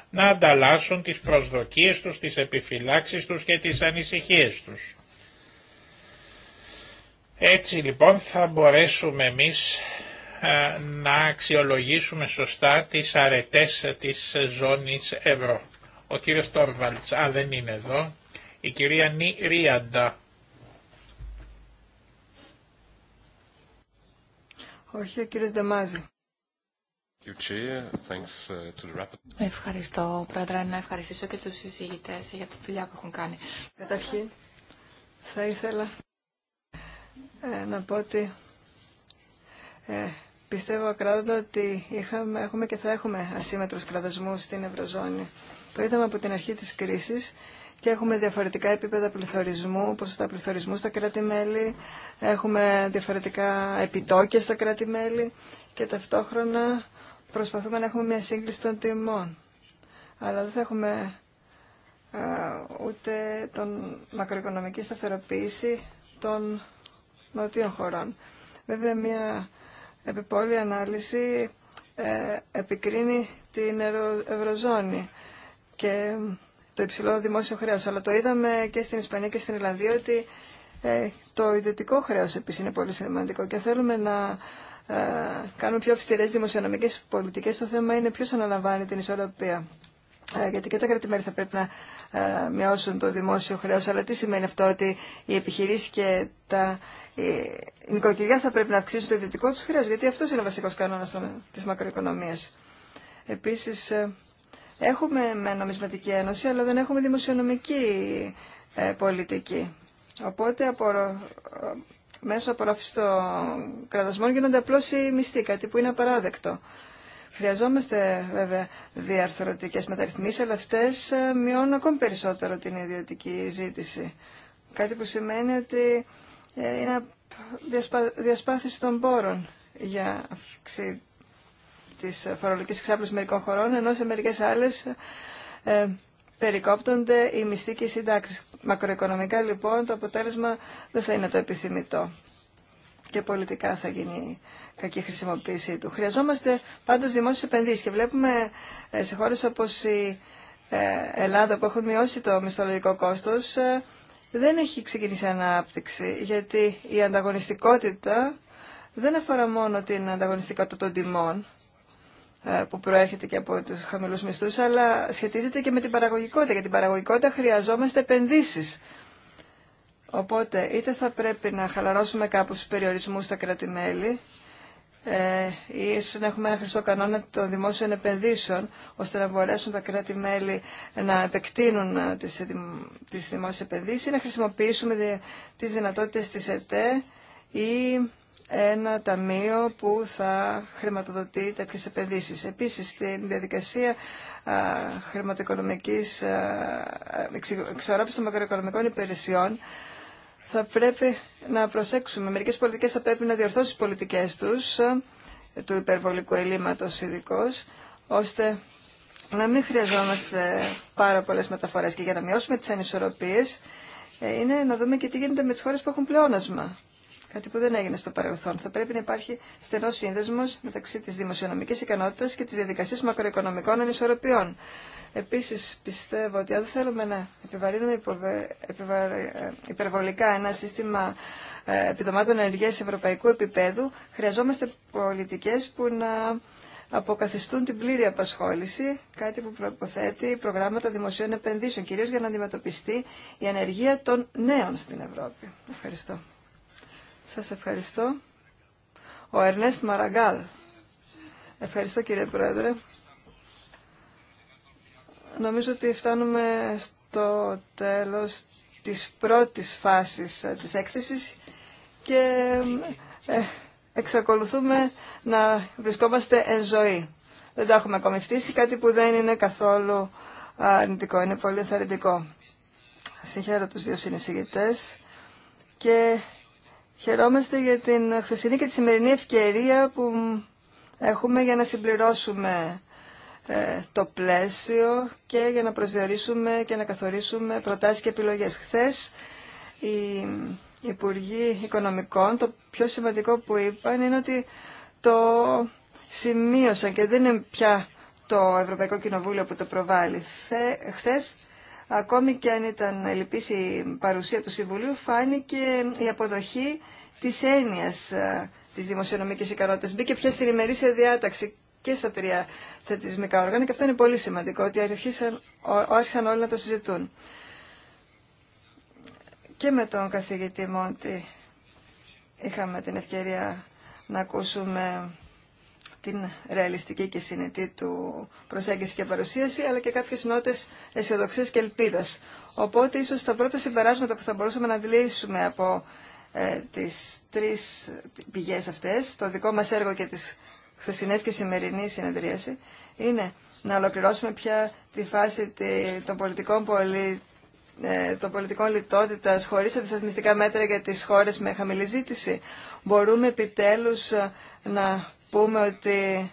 να ανταλλάσσουν τις προσδοκίες τους, τις επιφυλάξεις τους και τις ανησυχίες τους. Έτσι λοιπόν θα μπορέσουμε εμείς ε, να αξιολογήσουμε σωστά τις αρετές της ζώνης ευρώ. Ο κύριος Τόρβαλτς, αν δεν είναι εδώ, η κυρία Νι Ρίαντα. Όχι, ο κύριος Δεμάζη. Ευχαριστώ, Πρόεδρε, να ευχαριστήσω και τους συζητητές για τη δουλειά που έχουν κάνει. Καταρχήν, θα ήθελα ε, να πω ότι ε, Πιστεύω ακράδαντα ότι έχουμε και θα έχουμε ασύμετρους κραδασμούς στην Ευρωζώνη. Το είδαμε από την αρχή της κρίσης και έχουμε διαφορετικά επίπεδα πληθωρισμού, ποσοστά πληθωρισμού στα κράτη-μέλη, έχουμε διαφορετικά επιτόκια στα κράτη-μέλη και ταυτόχρονα προσπαθούμε να έχουμε μια σύγκληση των τιμών. Αλλά δεν θα έχουμε ούτε τον μακροοικονομική σταθεροποίηση των νοτίων χωρών. Βέβαια, μια επιπόλη ανάλυση ε, επικρίνει την Ευρωζώνη και το υψηλό δημόσιο χρέος. Αλλά το είδαμε και στην Ισπανία και στην Ιρλανδία ότι ε, το ιδιωτικό χρέος επίσης είναι πολύ σημαντικό και θέλουμε να ε, κάνουμε πιο αυστηρές δημοσιονομικές πολιτικές. Το θέμα είναι ποιος αναλαμβάνει την ισορροπία. Γιατί και τα κρατημέρια θα πρέπει να μειώσουν το δημόσιο χρέος. Αλλά τι σημαίνει αυτό ότι οι επιχειρήσεις και τα η νοικοκυριά θα πρέπει να αυξήσουν το ιδιωτικό του χρέο, γιατί αυτό είναι ο βασικό κανόνα τη μακροοικονομία. Επίση, ε, έχουμε με νομισματική ένωση, αλλά δεν έχουμε δημοσιονομική ε, πολιτική. Οπότε, από, ε, μέσω απορρόφηση των κρατασμών γίνονται απλώ οι μισθοί, κάτι που είναι απαράδεκτο. Χρειαζόμαστε βέβαια διαρθρωτικές μεταρρυθμίσεις, αλλά αυτές μειώνουν ακόμη περισσότερο την ιδιωτική ζήτηση. Κάτι που σημαίνει ότι είναι διασπάθηση των πόρων για αύξηση της φορολογικής εξάπλωσης μερικών χωρών, ενώ σε μερικές άλλες ε, περικόπτονται οι μισθοί και οι Μακροοικονομικά λοιπόν το αποτέλεσμα δεν θα είναι το επιθυμητό και πολιτικά θα γίνει κακή χρησιμοποίησή του. Χρειαζόμαστε πάντως δημόσιες επενδύσεις και βλέπουμε ε, σε χώρες όπως η ε, Ελλάδα που έχουν μειώσει το μισθολογικό κόστος ε, δεν έχει ξεκινήσει ανάπτυξη, γιατί η ανταγωνιστικότητα δεν αφορά μόνο την ανταγωνιστικότητα των τιμών, ε, που προέρχεται και από τους χαμηλούς μισθούς, αλλά σχετίζεται και με την παραγωγικότητα. Για την παραγωγικότητα χρειαζόμαστε επενδύσεις. Οπότε, είτε θα πρέπει να χαλαρώσουμε κάπου στους περιορισμούς στα κράτη-μέλη ίσως ε, να έχουμε ένα χρυσό κανόνα των δημόσιων επενδύσεων, ώστε να μπορέσουν τα κράτη-μέλη να επεκτείνουν ε, τις, ε, τις δημόσιες επενδύσεις ή να χρησιμοποιήσουμε τις δυνατότητες της ΕΤΕ ή ένα ταμείο που θα χρηματοδοτεί τέτοιες επενδύσεις. Επίσης, στην διαδικασία α, χρηματοοικονομικής των μακροοικονομικών υπηρεσιών, θα πρέπει να προσέξουμε. Μερικές πολιτικές θα πρέπει να διορθώσουν τις πολιτικές τους, ε, του υπερβολικού ελλείμματος ειδικώ, ώστε να μην χρειαζόμαστε πάρα πολλές μεταφορές. Και για να μειώσουμε τις ανισορροπίες, ε, είναι να δούμε και τι γίνεται με τις χώρες που έχουν πλεόνασμα. Κάτι που δεν έγινε στο παρελθόν. Θα πρέπει να υπάρχει στενός σύνδεσμος μεταξύ της δημοσιονομικής ικανότητας και της διαδικασίας μακροοικονομικών ανισορροπιών. Επίσης πιστεύω ότι αν θέλουμε να επιβαρύνουμε ε, υπερβολικά ένα σύστημα ε, επιδομάτων ενεργείας ευρωπαϊκού επίπεδου, χρειαζόμαστε πολιτικές που να αποκαθιστούν την πλήρη απασχόληση, κάτι που προποθέτει προγράμματα δημοσίων επενδύσεων, κυρίως για να αντιμετωπιστεί η ενέργεια των νέων στην Ευρώπη. Ευχαριστώ. Σας ευχαριστώ. Ο Ερνέστ Μαραγκάλ. Ευχαριστώ κύριε Πρόεδρε. Νομίζω ότι φτάνουμε στο τέλος της πρώτης φάσης ε, της έκθεσης και ε, εξακολουθούμε να βρισκόμαστε εν ζωή. Δεν τα έχουμε ακόμη φτύσει, κάτι που δεν είναι καθόλου αρνητικό, είναι πολύ ενθαρρυντικό. Συγχαίρω τους δύο συνεισηγητές και χαιρόμαστε για την χθεσινή και τη σημερινή ευκαιρία που έχουμε για να συμπληρώσουμε ε, το πλαίσιο και για να προσδιορίσουμε και να καθορίσουμε προτάσεις και επιλογές. Χθες οι Υπουργοί Οικονομικών το πιο σημαντικό που είπαν είναι ότι το σημείωσαν και δεν είναι πια το Ευρωπαϊκό Κοινοβούλιο που το προβάλλει. Χθες ακόμη και αν ήταν λυπής η παρουσία του Συμβουλίου φάνηκε η αποδοχή της έννοιας ε, της δημοσιονομικής ικανότητας. Μπήκε πια στην ημερήσια διάταξη και στα τρία θετισμικά όργανα και αυτό είναι πολύ σημαντικό ότι άρχισαν, άρχισαν όλοι να το συζητούν. Και με τον καθηγητή Μόντι είχαμε την ευκαιρία να ακούσουμε την ρεαλιστική και συνετή του προσέγγιση και παρουσίαση, αλλά και κάποιες νότες αισιοδοξία και ελπίδας. Οπότε ίσως τα πρώτα συμπεράσματα που θα μπορούσαμε να αντιλήσουμε από ε, τις τρεις πηγές αυτές, το δικό μας έργο και τις χθεσινέ και σημερινή συνεδρίαση είναι να ολοκληρώσουμε πια τη φάση των πολιτικών πολι... Ε, των πολιτικών λιτότητας χωρίς αντισταθμιστικά μέτρα για τις χώρες με χαμηλή ζήτηση. Μπορούμε επιτέλους ε, να πούμε ότι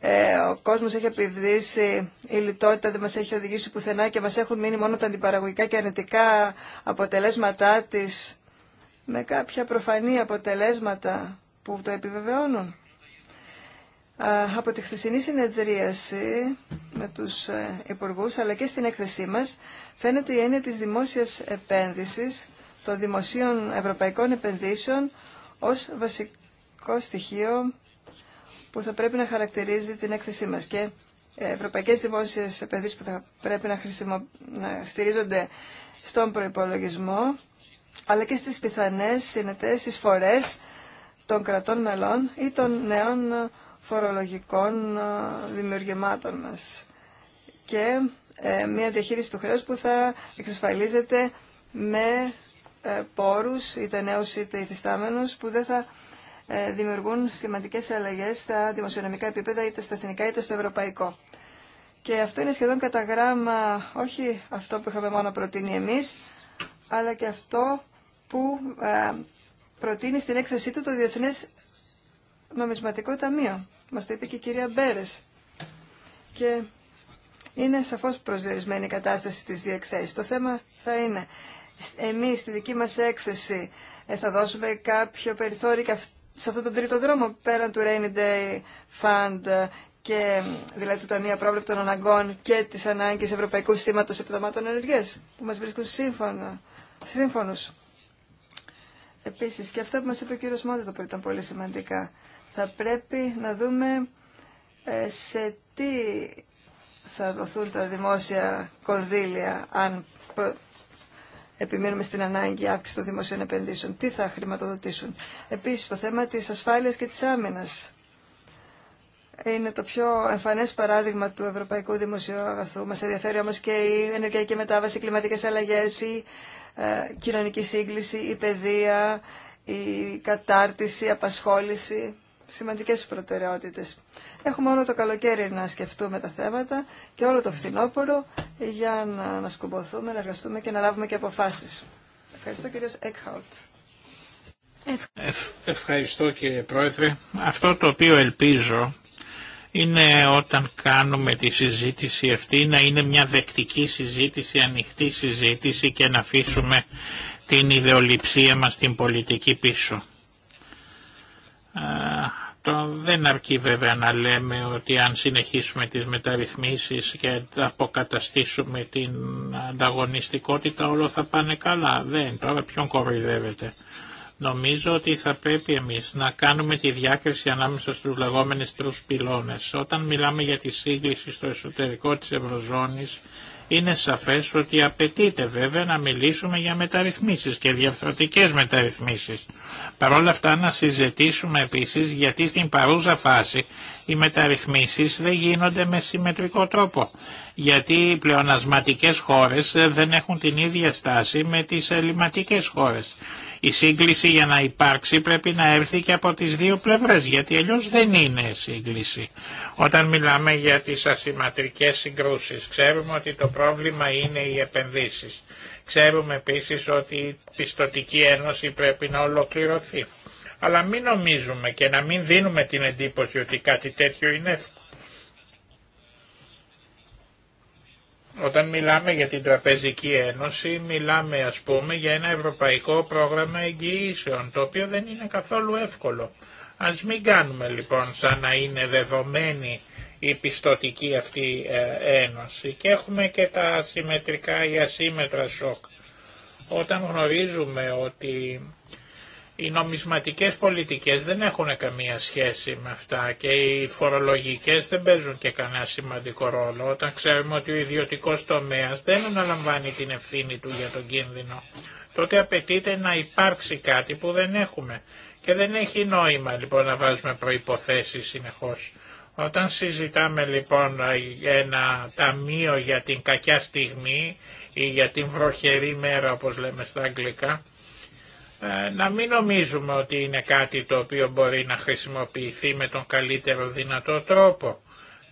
ε, ο κόσμος έχει επιδίσει, η λιτότητα δεν μας έχει οδηγήσει πουθενά και μας έχουν μείνει μόνο τα αντιπαραγωγικά και αρνητικά αποτελέσματά της με κάποια προφανή αποτελέσματα που το επιβεβαιώνουν από τη χθεσινή συνεδρίαση με τους ε, υπουργούς αλλά και στην έκθεσή μας φαίνεται η έννοια της δημόσιας επένδυσης των δημοσίων ευρωπαϊκών επενδύσεων ως βασικό στοιχείο που θα πρέπει να χαρακτηρίζει την έκθεσή μας και ε, ευρωπαϊκές δημόσιες επενδύσεις που θα πρέπει να, χρησιμο... στηρίζονται στον προϋπολογισμό αλλά και στις πιθανές συνετές εισφορές των κρατών μελών ή των νέων φορολογικών ε, δημιουργημάτων μας και ε, μια διαχείριση του χρέους που θα εξασφαλίζεται με ε, πόρους, είτε νέους είτε υφιστάμενους, που δεν θα δημιουργούν σημαντικές αλλαγές στα δημοσιονομικά επίπεδα, είτε στα εθνικά είτε στο ευρωπαϊκό. Και αυτό είναι σχεδόν κατά γράμμα, όχι αυτό που είχαμε μόνο προτείνει εμείς, αλλά και αυτό που προτείνει στην έκθεσή του το Διεθνές Νομισματικό Ταμείο. Μα το είπε και η κυρία Μπέρε. Και είναι σαφώς προσδιορισμένη η κατάσταση της διεκθέσει. Το θέμα θα είναι, εμείς στη δική μας έκθεση ε, θα δώσουμε κάποιο περιθώριο σε αυτόν τον τρίτο δρόμο, πέραν του Rainy Day Fund και δηλαδή του Ταμείου Πρόβλεπτων Αναγκών και τη ανάγκη Ευρωπαϊκού Συστήματος Επιδομάτων Ενεργείας, που μα βρίσκουν σύμφωνα, Επίση και αυτά που μα είπε ο κύριο Μόντε το ήταν πολύ σημαντικά θα πρέπει να δούμε ε, σε τι θα δοθούν τα δημόσια κονδύλια αν επιμείνουμε στην ανάγκη αύξηση των δημοσίων επενδύσεων. Τι θα χρηματοδοτήσουν. Επίσης, το θέμα της ασφάλειας και της άμυνας είναι το πιο εμφανές παράδειγμα του ευρωπαϊκού δημοσίου αγαθού. Μας ενδιαφέρει όμως και η ενεργειακή μετάβαση, οι κλιματικές αλλαγές, η ε, κοινωνική σύγκληση, η παιδεία, η κατάρτιση, η απασχόληση σημαντικές προτεραιότητες. Έχουμε όλο το καλοκαίρι να σκεφτούμε τα θέματα και όλο το φθινόπωρο για να σκουμποθούμε, να εργαστούμε και να λάβουμε και αποφάσεις. Ευχαριστώ κύριος Εκχαουτ. ευχαριστώ κύριε Πρόεδρε. Αυτό το οποίο ελπίζω είναι όταν κάνουμε τη συζήτηση αυτή να είναι μια δεκτική συζήτηση, ανοιχτή συζήτηση και να αφήσουμε την ιδεολειψία μας την πολιτική πίσω το δεν αρκεί βέβαια να λέμε ότι αν συνεχίσουμε τις μεταρρυθμίσεις και αποκαταστήσουμε την ανταγωνιστικότητα όλο θα πάνε καλά. Δεν, τώρα ποιον κοροϊδεύεται. Νομίζω ότι θα πρέπει εμείς να κάνουμε τη διάκριση ανάμεσα στους λεγόμενες τρους πυλώνες. Όταν μιλάμε για τη σύγκληση στο εσωτερικό της Ευρωζώνης είναι σαφές ότι απαιτείται βέβαια να μιλήσουμε για μεταρρυθμίσεις και διαφορετικές μεταρρυθμίσεις. Παρ' όλα αυτά να συζητήσουμε επίσης γιατί στην παρούσα φάση οι μεταρρυθμίσεις δεν γίνονται με συμμετρικό τρόπο. Γιατί οι πλεονασματικές χώρες δεν έχουν την ίδια στάση με τις ελληματικές χώρες. Η σύγκληση για να υπάρξει πρέπει να έρθει και από τις δύο πλευρές, γιατί αλλιώς δεν είναι σύγκληση. Όταν μιλάμε για τις ασυμματρικές συγκρούσεις, ξέρουμε ότι το πρόβλημα είναι οι επενδύσεις. Ξέρουμε επίσης ότι η πιστοτική ένωση πρέπει να ολοκληρωθεί. Αλλά μην νομίζουμε και να μην δίνουμε την εντύπωση ότι κάτι τέτοιο είναι εύκολο. Όταν μιλάμε για την Τραπεζική Ένωση, μιλάμε ας πούμε για ένα ευρωπαϊκό πρόγραμμα εγγυήσεων, το οποίο δεν είναι καθόλου εύκολο. Ας μην κάνουμε λοιπόν σαν να είναι δεδομένη η πιστοτική αυτή ε, ένωση. Και έχουμε και τα συμμετρικά ή ασύμετρα σοκ. Όταν γνωρίζουμε ότι οι νομισματικές πολιτικές δεν έχουν καμία σχέση με αυτά και οι φορολογικές δεν παίζουν και κανένα σημαντικό ρόλο όταν ξέρουμε ότι ο ιδιωτικός τομέας δεν αναλαμβάνει την ευθύνη του για τον κίνδυνο. Τότε απαιτείται να υπάρξει κάτι που δεν έχουμε και δεν έχει νόημα λοιπόν να βάζουμε προϋποθέσεις συνεχώς. Όταν συζητάμε λοιπόν ένα ταμείο για την κακιά στιγμή ή για την βροχερή μέρα όπως λέμε στα αγγλικά, ε, να μην νομίζουμε ότι είναι κάτι το οποίο μπορεί να χρησιμοποιηθεί με τον καλύτερο δυνατό τρόπο.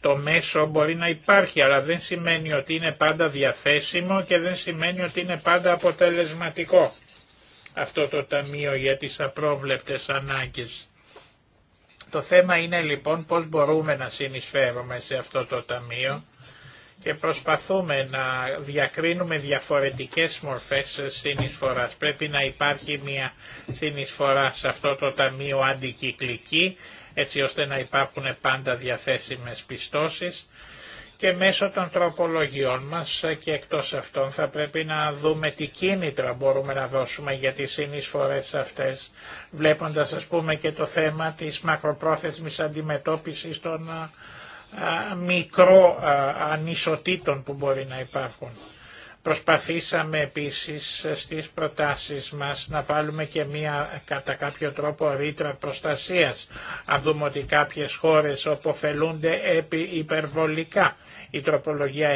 Το μέσο μπορεί να υπάρχει, αλλά δεν σημαίνει ότι είναι πάντα διαθέσιμο και δεν σημαίνει ότι είναι πάντα αποτελεσματικό αυτό το Ταμείο για τις απρόβλεπτες ανάγκες. Το θέμα είναι λοιπόν πώς μπορούμε να συνεισφέρουμε σε αυτό το Ταμείο και προσπαθούμε να διακρίνουμε διαφορετικές μορφές συνεισφοράς. Πρέπει να υπάρχει μια συνεισφορά σε αυτό το ταμείο αντικυκλική, έτσι ώστε να υπάρχουν πάντα διαθέσιμες πιστώσεις και μέσω των τροπολογιών μας και εκτός αυτών θα πρέπει να δούμε τι κίνητρα μπορούμε να δώσουμε για τις συνεισφορές αυτές, βλέποντας ας πούμε και το θέμα της μακροπρόθεσμης αντιμετώπισης των μικρό ανισοτήτων που μπορεί να υπάρχουν. Προσπαθήσαμε επίσης ε, στις προτάσεις μας να βάλουμε και μία κατά κάποιο τρόπο ρήτρα προστασίας. Αν δούμε ότι κάποιες χώρες οποφελούνται επί υπερβολικά, η τροπολογία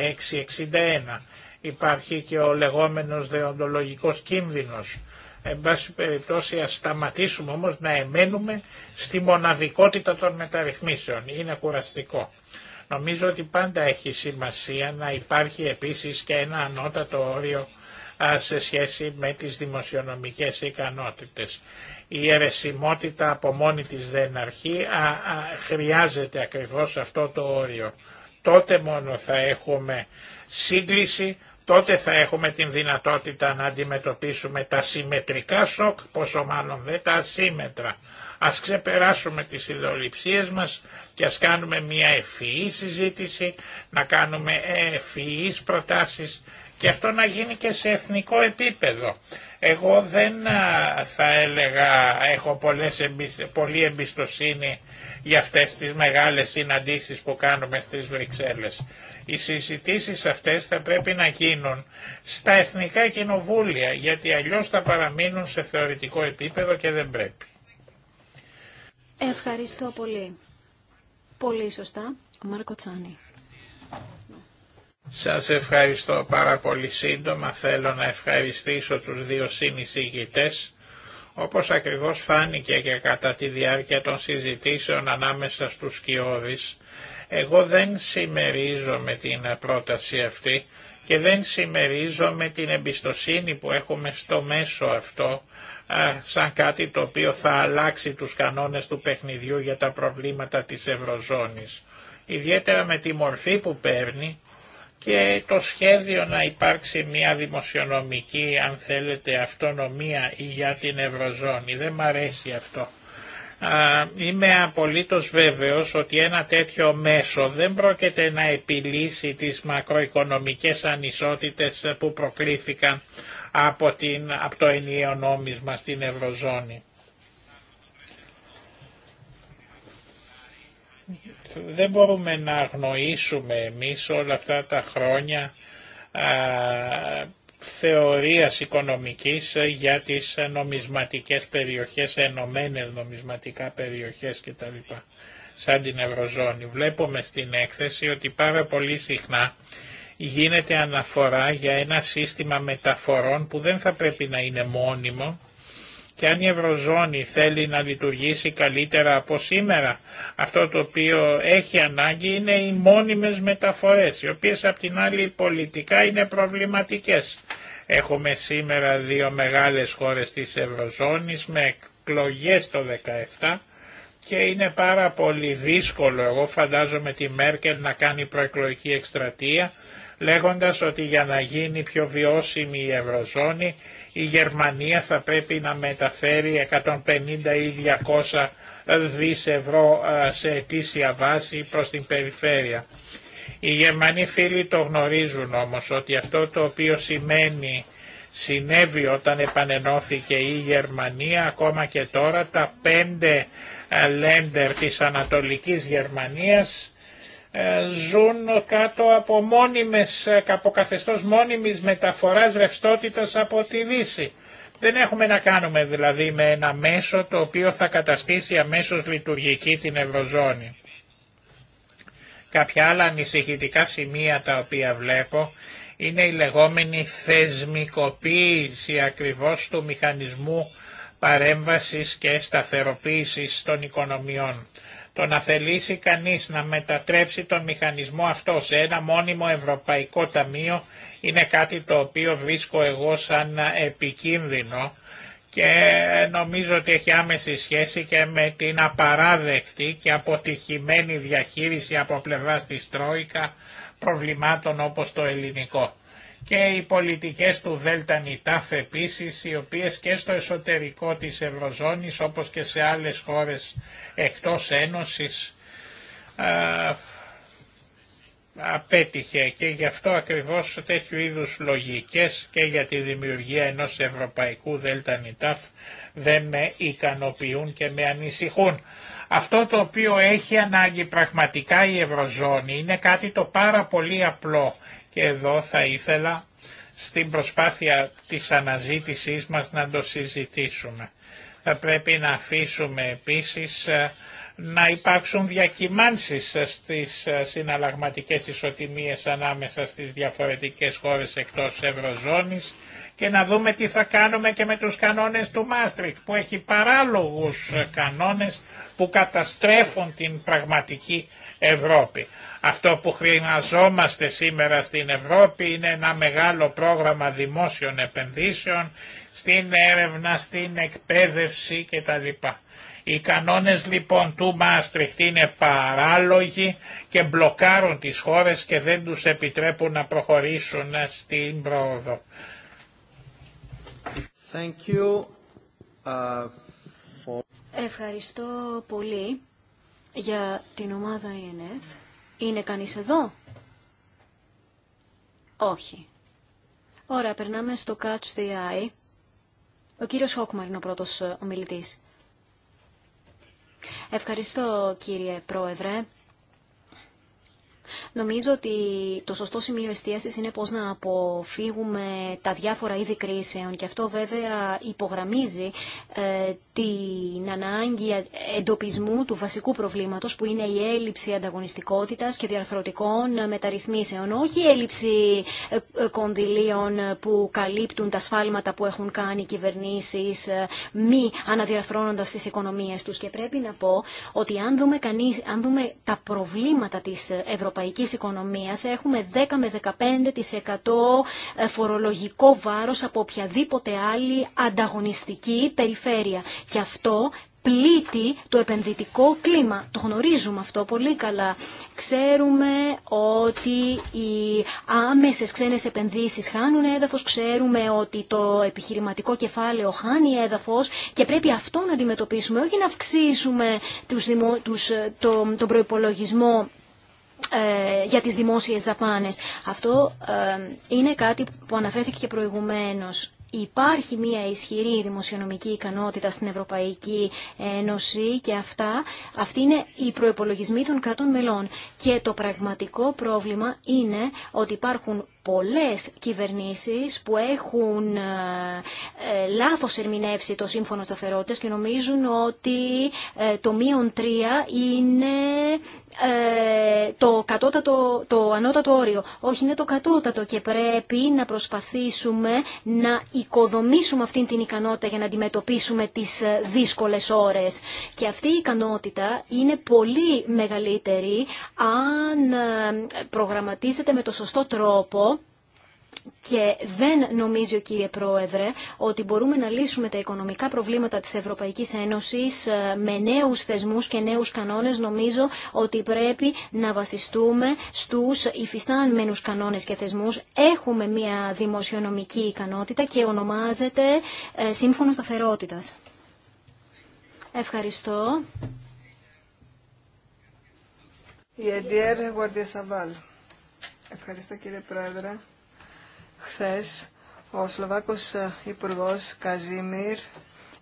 661. Υπάρχει και ο λεγόμενος δεοντολογικός κίνδυνος Εν πάση περιπτώσει ας σταματήσουμε όμως να εμένουμε στη μοναδικότητα των μεταρρυθμίσεων. Είναι κουραστικό. Νομίζω ότι πάντα έχει σημασία να υπάρχει επίσης και ένα ανώτατο όριο σε σχέση με τις δημοσιονομικές ικανότητες. Η αιρεσιμότητα από μόνη της δεν αρχεί, α, χρειάζεται ακριβώς αυτό το όριο. Τότε μόνο θα έχουμε σύγκληση, τότε θα έχουμε την δυνατότητα να αντιμετωπίσουμε τα συμμετρικά σοκ, πόσο μάλλον δεν τα ασύμετρα. Ας ξεπεράσουμε τις ιδεολειψίες μας και ας κάνουμε μια ευφυή συζήτηση, να κάνουμε ευφυείς προτάσεις και αυτό να γίνει και σε εθνικό επίπεδο. Εγώ δεν θα έλεγα, έχω πολλές πολλή εμπιστοσύνη για αυτές τις μεγάλες συναντήσεις που κάνουμε στις Βρυξέλλες. Οι συζητήσεις αυτές θα πρέπει να γίνουν στα εθνικά κοινοβούλια, γιατί αλλιώς θα παραμείνουν σε θεωρητικό επίπεδο και δεν πρέπει. Ευχαριστώ πολύ. Πολύ σωστά, Μάρκο Σας ευχαριστώ πάρα πολύ σύντομα. Θέλω να ευχαριστήσω τους δύο συνεισηγητές όπως ακριβώς φάνηκε και κατά τη διάρκεια των συζητήσεων ανάμεσα στους σκιώδεις, εγώ δεν συμμερίζομαι την πρόταση αυτή και δεν συμμερίζομαι την εμπιστοσύνη που έχουμε στο μέσο αυτό σαν κάτι το οποίο θα αλλάξει τους κανόνες του παιχνιδιού για τα προβλήματα της Ευρωζώνης. Ιδιαίτερα με τη μορφή που παίρνει και το σχέδιο να υπάρξει μια δημοσιονομική, αν θέλετε, αυτονομία για την Ευρωζώνη. Δεν μ' αρέσει αυτό. Είμαι απολύτως βέβαιος ότι ένα τέτοιο μέσο δεν πρόκειται να επιλύσει τις μακροοικονομικές ανισότητες που προκλήθηκαν από, την, από το ενιαίο νόμισμα στην Ευρωζώνη. δεν μπορούμε να αγνοήσουμε εμείς όλα αυτά τα χρόνια α, θεωρίας οικονομικής για τις νομισματικές περιοχές, ενωμένες νομισματικά περιοχές κτλ. Σαν την Ευρωζώνη. Βλέπουμε στην έκθεση ότι πάρα πολύ συχνά γίνεται αναφορά για ένα σύστημα μεταφορών που δεν θα πρέπει να είναι μόνιμο, και αν η Ευρωζώνη θέλει να λειτουργήσει καλύτερα από σήμερα, αυτό το οποίο έχει ανάγκη είναι οι μόνιμες μεταφορές, οι οποίες απ' την άλλη πολιτικά είναι προβληματικές. Έχουμε σήμερα δύο μεγάλες χώρες της Ευρωζώνης με εκλογές το 2017 και είναι πάρα πολύ δύσκολο, εγώ φαντάζομαι τη Μέρκελ να κάνει προεκλογική εκστρατεία, λέγοντας ότι για να γίνει πιο βιώσιμη η Ευρωζώνη η Γερμανία θα πρέπει να μεταφέρει 150 ή 200 δις ευρώ σε αιτήσια βάση προς την περιφέρεια. Οι Γερμανοί φίλοι το γνωρίζουν όμως ότι αυτό το οποίο σημαίνει συνέβη όταν επανενώθηκε η Γερμανία ακόμα και τώρα τα πέντε λέντερ της Ανατολικής Γερμανίας ε, ζουν κάτω από, μόνιμες, ε, από καθεστώς μόνιμης μεταφοράς ρευστότητας από τη Δύση. Δεν έχουμε να κάνουμε δηλαδή με ένα μέσο το οποίο θα καταστήσει αμέσως λειτουργική την Ευρωζώνη. Κάποια άλλα ανησυχητικά σημεία τα οποία βλέπω είναι η λεγόμενη θεσμικοποίηση ακριβώς του μηχανισμού παρέμβασης και σταθεροποίησης των οικονομιών. Το να θελήσει κανείς να μετατρέψει τον μηχανισμό αυτό σε ένα μόνιμο ευρωπαϊκό ταμείο είναι κάτι το οποίο βρίσκω εγώ σαν επικίνδυνο και νομίζω ότι έχει άμεση σχέση και με την απαράδεκτη και αποτυχημένη διαχείριση από πλευράς της Τρόικα προβλημάτων όπως το ελληνικό και οι πολιτικές του Δέλτα Νιτάφ επίσης, οι οποίες και στο εσωτερικό της Ευρωζώνης όπως και σε άλλες χώρες εκτός Ένωσης απέτυχε και γι' αυτό ακριβώς τέτοιου είδους λογικές και για τη δημιουργία ενός Ευρωπαϊκού Δέλτα Νιτάφ δεν με ικανοποιούν και με ανησυχούν. Αυτό το οποίο έχει ανάγκη πραγματικά η Ευρωζώνη είναι κάτι το πάρα πολύ απλό και εδώ θα ήθελα στην προσπάθεια της αναζήτησής μας να το συζητήσουμε. Θα πρέπει να αφήσουμε επίσης ε, να υπάρξουν διακυμάνσεις ε, στις ε, συναλλαγματικές ισοτιμίες ανάμεσα στις διαφορετικές χώρες εκτός Ευρωζώνης και να δούμε τι θα κάνουμε και με τους κανόνες του Μάστριχτ που έχει παράλογους ε, κανόνες που καταστρέφουν την πραγματική Ευρώπη. Αυτό που χρειαζόμαστε σήμερα στην Ευρώπη είναι ένα μεγάλο πρόγραμμα δημόσιων επενδύσεων στην έρευνα, στην εκπαίδευση κτλ. Οι κανόνες λοιπόν του Μάστριχτ είναι παράλογοι και μπλοκάρουν τις χώρες και δεν τους επιτρέπουν να προχωρήσουν ε, στην πρόοδο. Uh, Ευχαριστώ πολύ για την ομάδα ΕΝΕΦ. Είναι κανείς εδώ? Όχι. Ωραία, περνάμε στο Catch the Eye. Ο κύριος Χόκμαρ είναι ο πρώτος ομιλητής. Ευχαριστώ κύριε Πρόεδρε. Νομίζω ότι το σωστό σημείο εστίασης είναι πώς να αποφύγουμε τα διάφορα είδη κρίσεων και αυτό βέβαια υπογραμμίζει ε, την ανάγκη εντοπισμού του βασικού προβλήματος που είναι η έλλειψη ανταγωνιστικότητας και διαρθρωτικών μεταρρυθμίσεων. Όχι η έλλειψη ε, κονδυλίων που καλύπτουν τα σφάλματα που έχουν κάνει οι κυβερνήσεις ε, μη αναδιαρθρώνοντας τις οικονομίες τους. Και πρέπει να πω ότι αν δούμε, κανείς, αν τα προβλήματα της Ευρωπαϊκής ευρωπαϊκής οικονομίας έχουμε 10 με 15% ε, φορολογικό βάρος από οποιαδήποτε άλλη ανταγωνιστική περιφέρεια. Και αυτό πλήττει το επενδυτικό κλίμα. Το γνωρίζουμε αυτό πολύ καλά. Ξέρουμε ότι οι άμεσες ξένες επενδύσεις χάνουν έδαφος, ξέρουμε ότι το επιχειρηματικό κεφάλαιο χάνει έδαφος και πρέπει αυτό να αντιμετωπίσουμε, όχι να αυξήσουμε τους, δημο... τους... Ε, το... τον προϋπολογισμό ε, για τις δημόσιες δαπάνες. Αυτό ε, είναι κάτι που αναφέρθηκε και προηγουμένως. Υπάρχει μια ισχυρή δημοσιονομική ικανότητα στην Ευρωπαϊκή Ένωση και αυτά, αυτή είναι οι προϋπολογισμοί των κρατών μελών. Και το πραγματικό πρόβλημα είναι ότι υπάρχουν πολλές κυβερνήσεις που έχουν ε, ε, λάθος ερμηνεύσει το σύμφωνο σταθερότητας και νομίζουν ότι ε, το μείον 3 είναι ε, το, κατώτατο, το ανώτατο όριο. Όχι, είναι το κατώτατο και πρέπει να προσπαθήσουμε να οικοδομήσουμε αυτή την ικανότητα για να αντιμετωπίσουμε τις δύσκολες ώρες. Και αυτή η ικανότητα είναι πολύ μεγαλύτερη αν προγραμματίζεται με το σωστό τρόπο και δεν νομίζω κύριε Πρόεδρε ότι μπορούμε να λύσουμε τα οικονομικά προβλήματα της Ευρωπαϊκής Ένωσης ε, με νέους θεσμούς και νέους κανόνες νομίζω ότι πρέπει να βασιστούμε στους υφιστάμενους κανόνες και θεσμούς έχουμε μια δημοσιονομική ικανότητα και ονομάζεται ε, σύμφωνο σταθερότητας Ευχαριστώ Η Ευχαριστώ κύριε Πρόεδρε Χθες ο Σλοβάκος ε, Υπουργός Καζίμιρ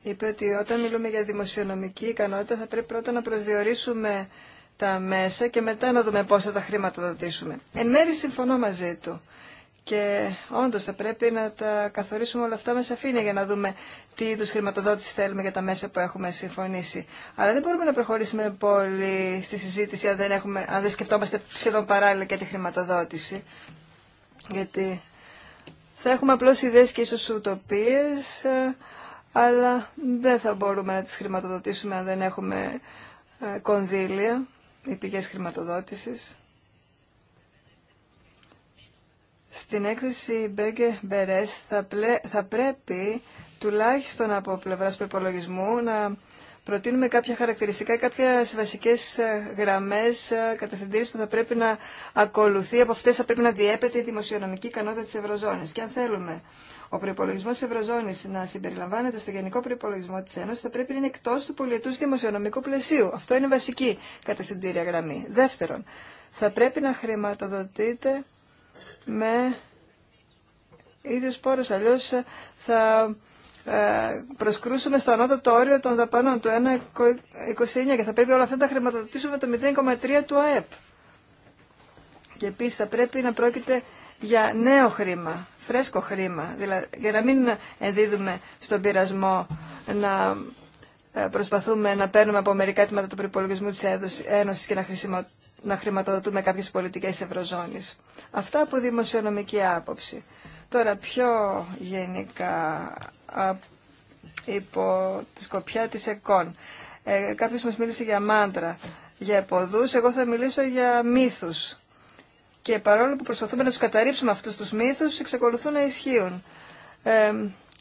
είπε ότι όταν μιλούμε για δημοσιονομική ικανότητα θα πρέπει πρώτα να προσδιορίσουμε τα μέσα και μετά να δούμε πώς θα τα χρηματοδοτήσουμε. Εν μέρη συμφωνώ μαζί του. Και όντως θα πρέπει να τα καθορίσουμε όλα αυτά με σαφήνεια για να δούμε τι είδους χρηματοδότηση θέλουμε για τα μέσα που έχουμε συμφωνήσει. Αλλά δεν μπορούμε να προχωρήσουμε πολύ στη συζήτηση αν δεν, έχουμε, αν δεν σκεφτόμαστε σχεδόν παράλληλα και τη χρηματοδότηση. Γιατί θα έχουμε απλώς ιδέες και ίσως ουτοπίες, ε, αλλά δεν θα μπορούμε να τις χρηματοδοτήσουμε αν δεν έχουμε ε, κονδύλια, ή πηγές χρηματοδότησης. Στην έκθεση Μπέγκε Μπερές θα, θα πρέπει τουλάχιστον από πλευράς προπολογισμού να προτείνουμε κάποια χαρακτηριστικά ή κάποιες βασικές ε, γραμμές ε, κατευθυντήρες που θα πρέπει να ακολουθεί, από αυτές θα πρέπει να διέπεται η δημοσιονομική ικανότητα της Ευρωζώνης. Και αν θέλουμε ο προπολογισμό τη Ευρωζώνη να συμπεριλαμβάνεται στο γενικό προπολογισμό τη Ένωση θα πρέπει να είναι εκτό του πολιετού δημοσιονομικού πλαισίου. Αυτό είναι βασική κατευθυντήρια γραμμή. Δεύτερον, θα πρέπει να χρηματοδοτείται με ίδιου πόρου. Αλλιώ θα ε, προσκρούσουμε στο ανώτατο όριο των δαπανών του 1,29 και θα πρέπει όλα αυτά τα χρηματοδοτήσουμε το 0,3 του ΑΕΠ. Και επίσης θα πρέπει να πρόκειται για νέο χρήμα, φρέσκο χρήμα, δηλαδή για να μην ενδίδουμε στον πειρασμό να ε, προσπαθούμε να παίρνουμε από μερικά τμήματα του προπολογισμού της Ένωσης και να να χρηματοδοτούμε κάποιες πολιτικές ευρωζώνης. Αυτά από δημοσιονομική άποψη. Τώρα πιο γενικά υπό τη σκοπιά της ΕΚΟΝ. Ε, κάποιος μας μίλησε για μάντρα, για εποδούς, εγώ θα μιλήσω για μύθους. Και παρόλο που προσπαθούμε να τους καταρρύψουμε αυτούς τους μύθους, εξακολουθούν να ισχύουν. Ε,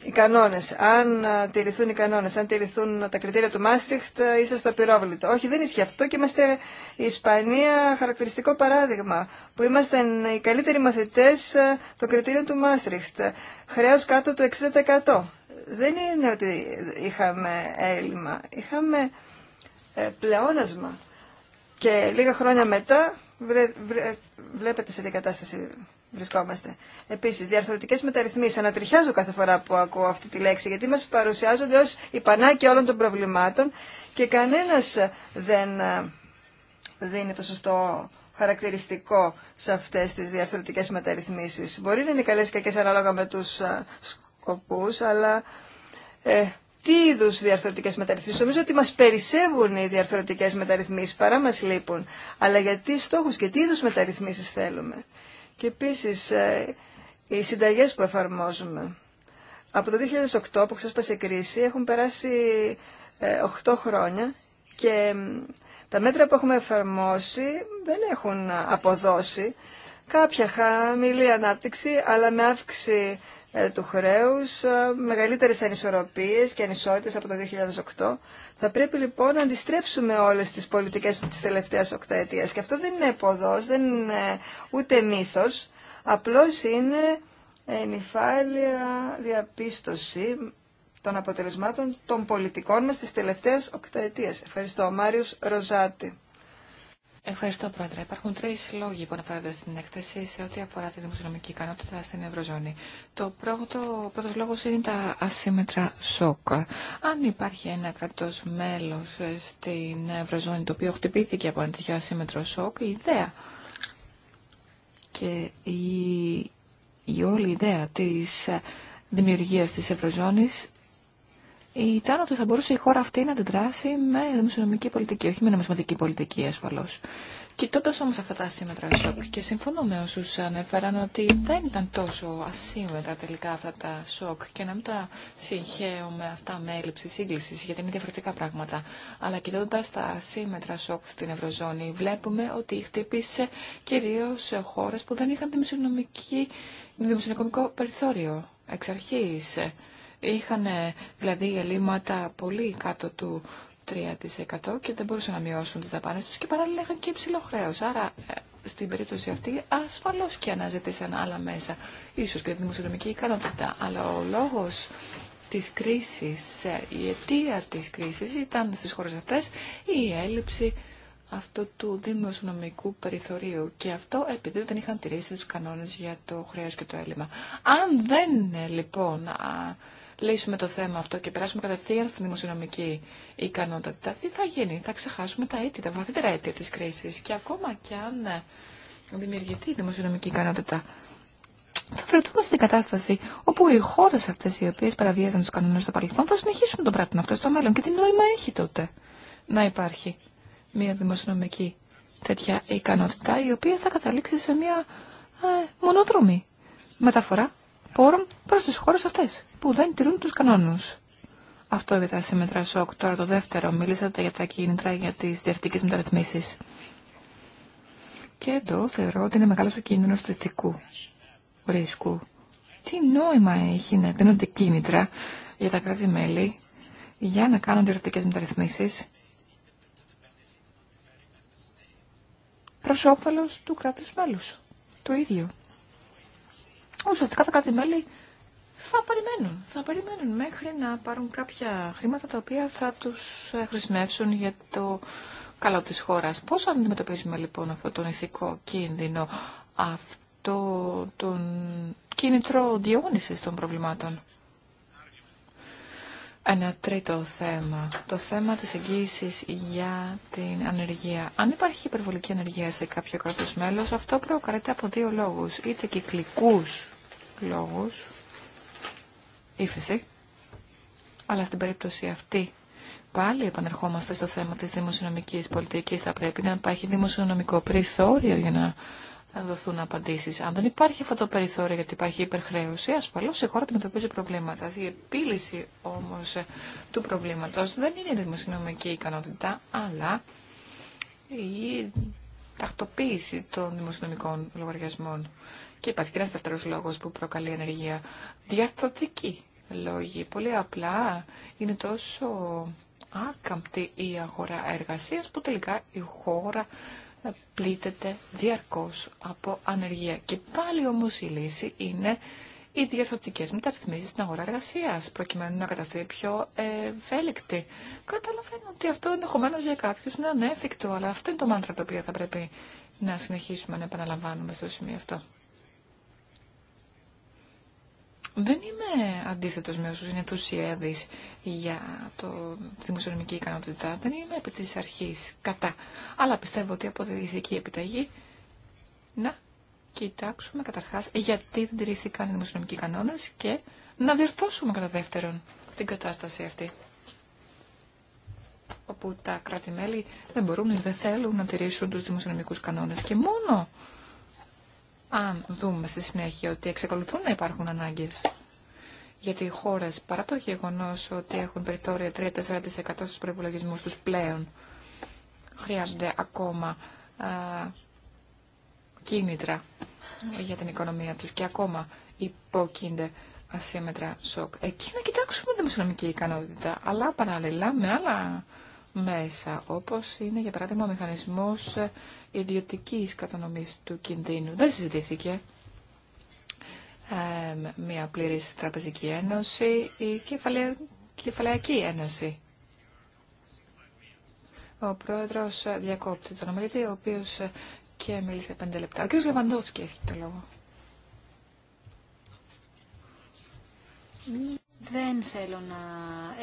οι κανόνες, αν ε, τηρηθούν οι κανόνες, αν τηρηθούν τα κριτήρια του Μάστριχτ, ε, είστε στο πυρόβλητο. Όχι, δεν ισχύει αυτό και είμαστε η Ισπανία χαρακτηριστικό παράδειγμα, που είμαστε οι καλύτεροι μαθητές ε, των κριτήριων του Μάστριχτ. Χρέος κάτω του 60% δεν είναι ότι είχαμε έλλειμμα, είχαμε ε, πλεόνασμα. Και λίγα χρόνια μετά βλέπετε σε τι κατάσταση βρισκόμαστε. Επίση, διαρθρωτικέ μεταρρυθμίσει. Ανατριχιάζω κάθε φορά που ακούω αυτή τη λέξη, γιατί μα παρουσιάζονται ω η πανάκια όλων των προβλημάτων και κανένα δεν ε, δίνει το σωστό χαρακτηριστικό σε αυτέ τι διαρθρωτικέ μεταρρυθμίσει. Μπορεί να είναι καλέ και κακέ ανάλογα με του ε, αλλά ε, τι είδου διαρθρωτικέ μεταρρυθμίσει. Νομίζω ότι μα περισσεύουν οι διαρθρωτικέ μεταρρυθμίσει παρά μα λείπουν. Αλλά γιατί στόχου και τι είδου μεταρρυθμίσει θέλουμε. Και επίση ε, οι συνταγέ που εφαρμόζουμε. Από το 2008 που ξέσπασε η κρίση έχουν περάσει 8 ε, χρόνια και τα μέτρα που έχουμε εφαρμόσει δεν έχουν αποδώσει. Κάποια χαμηλή ανάπτυξη αλλά με αύξηση ε, του χρέους, ε, μεγαλύτερες ανισορροπίες και ανισότητες από το 2008. Θα πρέπει λοιπόν να αντιστρέψουμε όλες τις πολιτικές της τελευταίας οκταετίας. Και αυτό δεν είναι ποδός, δεν είναι ούτε μύθος, απλώς είναι ενυφάλια διαπίστωση των αποτελεσμάτων των πολιτικών μας της τελευταίας οκταετίας. Ευχαριστώ. Μάριος Ροζάτη. Ευχαριστώ, Πρόεδρε. Υπάρχουν τρει λόγοι που αναφέρονται στην έκθεση σε ό,τι αφορά τη δημοσιονομική ικανότητα στην Ευρωζώνη. Το πρώτο, ο πρώτο λόγο είναι τα ασύμετρα σοκ. Αν υπάρχει ένα κρατό μέλο στην Ευρωζώνη το οποίο χτυπήθηκε από ένα τέτοιο ασύμετρο σοκ, η ιδέα και η, η όλη ιδέα της δημιουργία τη Ευρωζώνη ήταν ότι θα μπορούσε η χώρα αυτή να αντιδράσει με δημοσιονομική πολιτική, όχι με νομισματική πολιτική ασφαλώ. Κοιτώντα όμω αυτά τα σύμμετρα σοκ και συμφωνώ με όσου ανέφεραν ότι δεν ήταν τόσο ασύμμετρα τελικά αυτά τα σοκ και να μην τα συγχαίω με αυτά με έλλειψη σύγκληση γιατί είναι διαφορετικά πράγματα. Αλλά κοιτώντα τα ασύμμετρα σοκ στην Ευρωζώνη βλέπουμε ότι χτύπησε κυρίω χώρε που δεν είχαν δημοσιονομικό περιθώριο εξ αρχή είχαν δηλαδή ελλείμματα πολύ κάτω του 3% και δεν μπορούσαν να μειώσουν τις δαπάνες τους και παράλληλα είχαν και υψηλό χρέο. Άρα ε, στην περίπτωση αυτή ασφαλώς και αναζητήσαν άλλα μέσα, ίσως και τη δημοσιονομική ικανότητα. Αλλά ο λόγος της κρίσης, ε, η αιτία της κρίσης ήταν στις χώρες αυτές η έλλειψη αυτού του δημοσιονομικού περιθωρίου και αυτό επειδή δεν είχαν τηρήσει τους κανόνες για το χρέος και το έλλειμμα. Αν δεν ε, λοιπόν λύσουμε το θέμα αυτό και περάσουμε κατευθείαν στη δημοσιονομική ικανότητα, τι θα γίνει, θα ξεχάσουμε τα αίτια, τα βαθύτερα αίτια της κρίσης και ακόμα κι αν ε, δημιουργηθεί η δημοσιονομική ικανότητα. Θα βρεθούμε στην κατάσταση όπου οι χώρε αυτέ οι οποίε παραβίαζαν του κανόνε στο παρελθόν θα συνεχίσουν τον πράγμα αυτό στο μέλλον. Και τι νόημα έχει τότε να υπάρχει μια δημοσιονομική τέτοια ικανότητα η οποία θα καταλήξει σε μια ε, μονοδρομή μεταφορά πόρων προς τις χώρες αυτές που δεν τηρούν τους κανόνους. Αυτό για τα σύμμετρα σοκ. Τώρα το δεύτερο, μίλησατε για τα κίνητρα για τις διευθυντικές μεταρρυθμίσεις. Και εδώ θεωρώ ότι είναι μεγάλος ο κίνδυνος του ηθικού ρίσκου. Τι νόημα έχει να δίνονται κίνητρα για τα κράτη-μέλη για να κάνουν διευθυντικές μεταρρυθμίσεις προς όφελος του κράτους μέλους. Το ίδιο ουσιαστικά τα κράτη-μέλη θα περιμένουν. Θα περιμένουν μέχρι να πάρουν κάποια χρήματα τα οποία θα τους ε, χρησιμεύσουν για το καλό της χώρας. Πώς αντιμετωπίζουμε λοιπόν αυτό τον ηθικό κίνδυνο, αυτό τον κίνητρο διόνυσης των προβλημάτων. Ένα τρίτο θέμα, το θέμα της εγγύησης για την ανεργία. Αν υπάρχει υπερβολική ανεργία σε κάποιο κράτος μέλος, αυτό προκαλείται από δύο λόγους, είτε κυκλικούς λόγους, ύφεση, αλλά στην περίπτωση αυτή πάλι επανερχόμαστε στο θέμα της δημοσιονομικής πολιτικής. Θα πρέπει να υπάρχει δημοσιονομικό περιθώριο για να δοθούν απαντήσεις. Αν δεν υπάρχει αυτό το περιθώριο γιατί υπάρχει υπερχρέωση, ασφαλώς η χώρα αντιμετωπίζει προβλήματα. Η επίλυση όμως του προβλήματος δεν είναι η δημοσιονομική ικανότητα, αλλά η τακτοποίηση των δημοσιονομικών λογαριασμών. Και υπάρχει και ένα δεύτερο λόγο που προκαλεί ανεργία. Διαρθωτική λόγοι. Πολύ απλά είναι τόσο άκαμπτη η αγορά εργασία που τελικά η χώρα πλήττεται διαρκώ από ανεργία. Και πάλι όμω η λύση είναι οι διαθωτικές μεταρρυθμίσει στην αγορά εργασία, προκειμένου να καταστεί πιο ευέλικτη. Καταλαβαίνω ότι αυτό ενδεχομένω για κάποιου είναι ανέφικτο, αλλά αυτό είναι το μάντρα το οποίο θα πρέπει να συνεχίσουμε να επαναλαμβάνουμε στο σημείο αυτό. Δεν είμαι αντίθετος με όσους είναι για το, τη δημοσιονομική ικανότητα. Δεν είμαι επί τη αρχής κατά. Αλλά πιστεύω ότι αποτελεί επιταγή να κοιτάξουμε καταρχάς γιατί δεν τηρήθηκαν οι δημοσιονομικοί κανόνε και να διορθώσουμε κατά δεύτερον την κατάσταση αυτή. Όπου τα κράτη-μέλη δεν μπορούν ή δεν θέλουν να τηρήσουν του δημοσιονομικού κανόνε Και μόνο αν δούμε στη συνέχεια ότι εξακολουθούν να υπάρχουν ανάγκες γιατί οι χώρες παρά το γεγονός ότι έχουν περιθώρια 3-4% στους προϋπολογισμούς τους πλέον χρειάζονται ακόμα κίνητρα για την οικονομία τους και ακόμα υπόκεινται ασύμετρα σοκ. Εκεί να κοιτάξουμε την δημοσιονομική ικανότητα, αλλά παράλληλα με άλλα μέσα, όπως είναι για παράδειγμα ο μηχανισμός ιδιωτικής κατανομής του κινδύνου. Δεν συζητήθηκε μια πλήρης τραπεζική ένωση ή κεφαλαϊκή ένωση. Ο πρόεδρος διακόπτει τον ομιλητή, ο οποίος και μίλησε πέντε λεπτά. Ο κ. Λεβαντόφσκι έχει το λόγο. Δεν θέλω να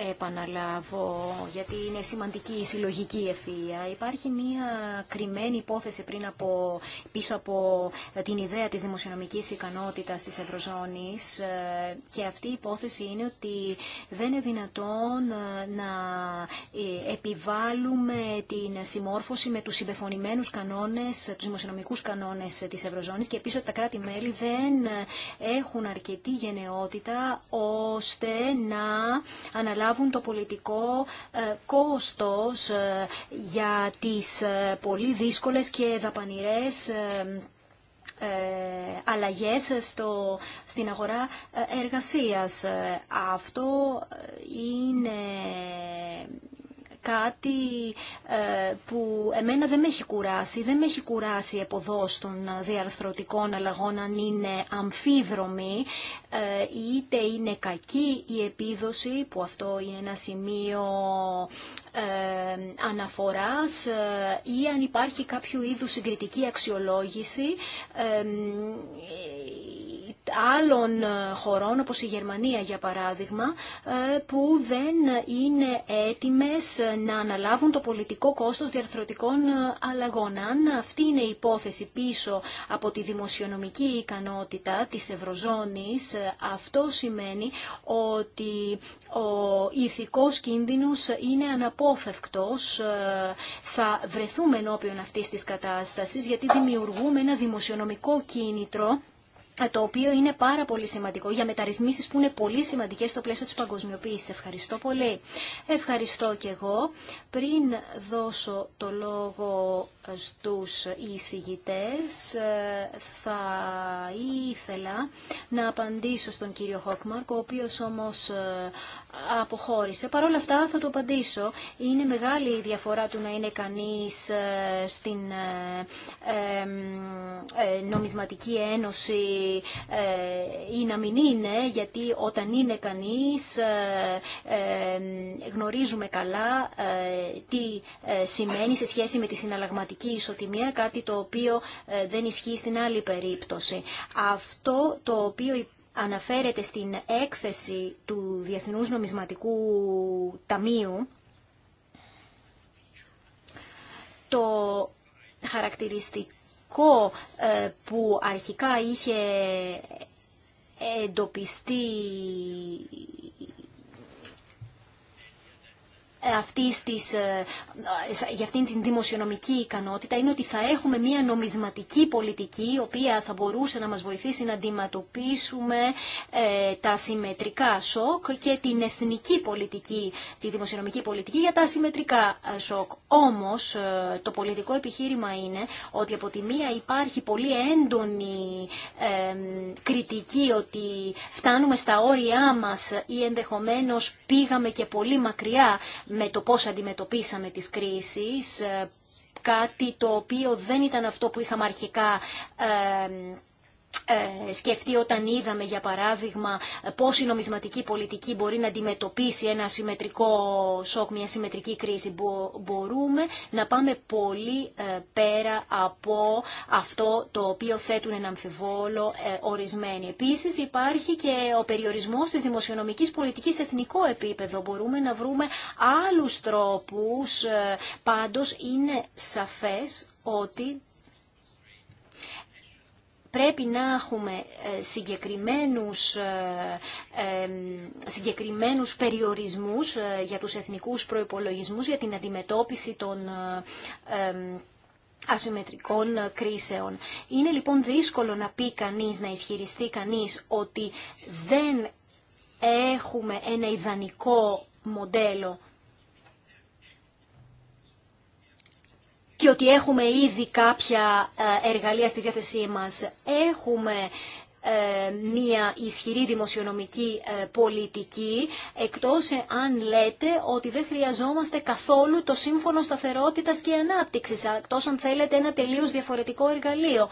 επαναλάβω, γιατί είναι σημαντική η συλλογική ευθεία. Υπάρχει μία κρυμμένη υπόθεση πριν από, πίσω από την ιδέα της δημοσιονομικής ικανότητας της Ευρωζώνης ε, και αυτή η υπόθεση είναι ότι δεν είναι δυνατόν ε, να ε, επιβάλλουμε την συμμόρφωση με τους συμπεφωνημένους κανόνες, τους δημοσιονομικούς κανόνες της Ευρωζώνης και επίσης ότι τα κράτη-μέλη δεν έχουν αρκετή γενναιότητα ώστε να αναλάβουν το πολιτικό ε, κόστος ε, για τις ε, πολύ δύσκολες και δαπανηρές αλλαγές στο, στην αγορά εργασίας. Αυτό είναι κάτι ε, που εμένα δεν με έχει κουράσει. Δεν με έχει κουράσει η εποδός των διαρθρωτικών αλλαγών αν είναι αμφίδρομη, ε, είτε είναι κακή η επίδοση, που αυτό είναι ένα σημείο ε, αναφοράς, ή αν υπάρχει κάποιο είδους συγκριτική αξιολόγηση άλλων ε, χωρών, όπως η Γερμανία για παράδειγμα, ε, που δεν είναι έτοιμες ε, να αναλάβουν το πολιτικό κόστος διαρθρωτικών αλλαγών. Αν αυτή είναι η υπόθεση πίσω από τη δημοσιονομική ικανότητα της Ευρωζώνης, αυτό σημαίνει ότι ο ηθικός κίνδυνος είναι αναπόφευκτος. Θα βρεθούμε ενώπιον αυτής της κατάστασης, γιατί δημιουργούμε ένα δημοσιονομικό κίνητρο ε, το οποίο είναι πάρα πολύ σημαντικό για μεταρρυθμίσεις που είναι πολύ σημαντικές στο πλαίσιο της παγκοσμιοποίησης. Ευχαριστώ πολύ. Ευχαριστώ και εγώ. Πριν δώσω το λόγο ε, στους εισηγητές, ε, θα ήθελα να απαντήσω στον κύριο Χόκμαρκ, ο οποίος όμως αποχώρησε. Παρ' όλα αυτά θα του απαντήσω. Είναι μεγάλη η διαφορά του να είναι κανείς στην νομισματική ένωση ε, ή να μην είναι, γιατί όταν είναι κανείς ε, ε, γνωρίζουμε καλά τι σημαίνει σε σχέση με τη συναλλαγματική ισοτιμία, κάτι το οποίο δεν ισχύει στην άλλη περίπτωση. Αυτό το οποίο αναφέρεται στην έκθεση του Διεθνούς Νομισματικού Ταμείου, το χαρακτηριστικό ε, που αρχικά είχε εντοπιστεί αυτής ε, ε, για αυτήν την δημοσιονομική ικανότητα είναι ότι θα έχουμε μια νομισματική πολιτική η οποία θα μπορούσε να μας βοηθήσει να αντιμετωπίσουμε ε, τα συμμετρικά σοκ και την εθνική πολιτική, τη δημοσιονομική πολιτική για τα συμμετρικά σοκ. Όμως το πολιτικό επιχείρημα είναι ότι από τη μία υπάρχει πολύ έντονη κριτική ότι φτάνουμε στα όρια μας ή ενδεχομένως πήγαμε και πολύ μακριά με το πώς αντιμετωπίσαμε τις κρίσεις, ε, κάτι το οποίο δεν ήταν αυτό που είχαμε αρχικά ε, ε, σκεφτεί όταν είδαμε για παράδειγμα πώς η νομισματική πολιτική μπορεί να αντιμετωπίσει ένα συμμετρικό σοκ, μια συμμετρική κρίση. Μπορούμε να πάμε πολύ ε, πέρα από αυτό το οποίο θέτουν ένα αμφιβόλο ε, ορισμένοι. Επίσης υπάρχει και ο περιορισμός της δημοσιονομικής πολιτικής σε εθνικό επίπεδο. Μπορούμε να βρούμε άλλους τρόπους. Πάντως είναι σαφές ότι πρέπει να έχουμε ε, συγκεκριμένους, ε, συγκεκριμένους περιορισμούς ε, για τους εθνικούς προϋπολογισμούς για την αντιμετώπιση των ασυμμετρικών κρίσεων. Είναι λοιπόν δύσκολο να πει κανείς, να ισχυριστεί κανείς ότι δεν έχουμε ένα ιδανικό μοντέλο και ότι έχουμε ήδη κάποια ε, εργαλεία στη διάθεσή μας. Έχουμε ε, μία ισχυρή δημοσιονομική ε, πολιτική, εκτός αν λέτε ότι δεν χρειαζόμαστε καθόλου το σύμφωνο σταθερότητας και ανάπτυξης, εκτός αν θέλετε ένα τελείως διαφορετικό εργαλείο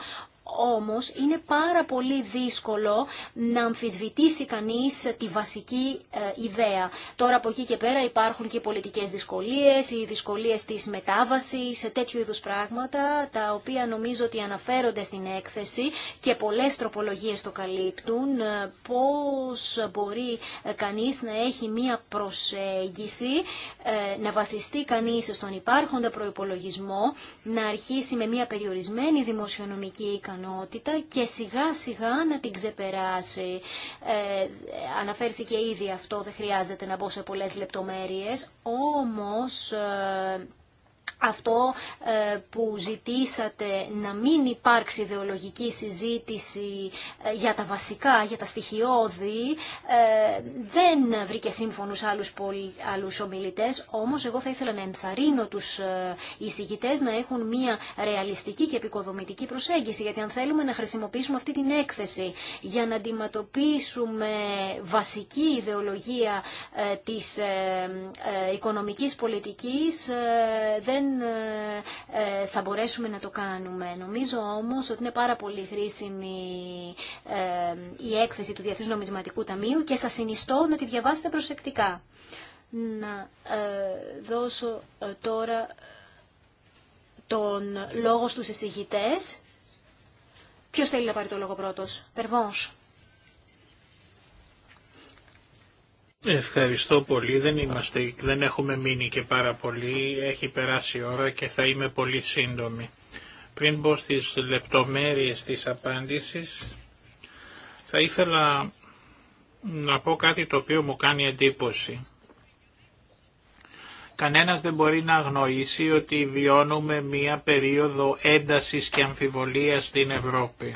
όμως είναι πάρα πολύ δύσκολο να αμφισβητήσει κανείς τη βασική ε, ιδέα. Τώρα από εκεί και πέρα υπάρχουν και πολιτικές δυσκολίες, οι δυσκολίες της μετάβασης, σε τέτοιου είδους πράγματα, τα οποία νομίζω ότι αναφέρονται στην έκθεση και πολλές τροπολογίες το καλύπτουν, ε, πώς μπορεί ε, κανείς να έχει μία προσέγγιση, να βασιστεί κανείς στον υπάρχοντα προϋπολογισμό, να αρχίσει με μία περιορισμένη δημοσιονομική ικανότητα, και σιγά σιγά να την ξεπεράσει. Ε, αναφέρθηκε ήδη αυτό, δεν χρειάζεται να μπω σε πολλές λεπτομέρειες, όμως... Ε, αυτό ε, που ζητήσατε να μην υπάρξει ιδεολογική συζήτηση ε, για τα βασικά, για τα στοιχειώδη, ε, δεν βρήκε σύμφωνους άλλους, άλλους ομιλητές, όμως εγώ θα ήθελα να ενθαρρύνω τους εισηγητές να έχουν μια ρεαλιστική και επικοδομητική προσέγγιση, γιατί αν θέλουμε να χρησιμοποιήσουμε αυτή την έκθεση για να αντιμετωπίσουμε βασική ιδεολογία της οικονομικής πολιτικής, δεν ε, ε, θα μπορέσουμε να το κάνουμε. Νομίζω όμως ότι είναι πάρα πολύ χρήσιμη ε, η έκθεση του Διεθνούς Νομισματικού Ταμείου και σας συνιστώ να τη διαβάσετε προσεκτικά. Να δώσω τώρα τον λόγο στους εισηγητές. Ποιος θέλει να πάρει το λόγο πρώτος. Περβόνς. Ευχαριστώ πολύ. Δεν, είμαστε, δεν έχουμε μείνει και πάρα πολύ. Έχει περάσει η ώρα και θα είμαι πολύ σύντομη. Πριν μπω στις λεπτομέρειες της απάντησης, θα ήθελα να πω κάτι το οποίο μου κάνει εντύπωση. Κανένας δεν μπορεί να αγνοήσει ότι βιώνουμε μία περίοδο έντασης και αμφιβολίας στην Ευρώπη.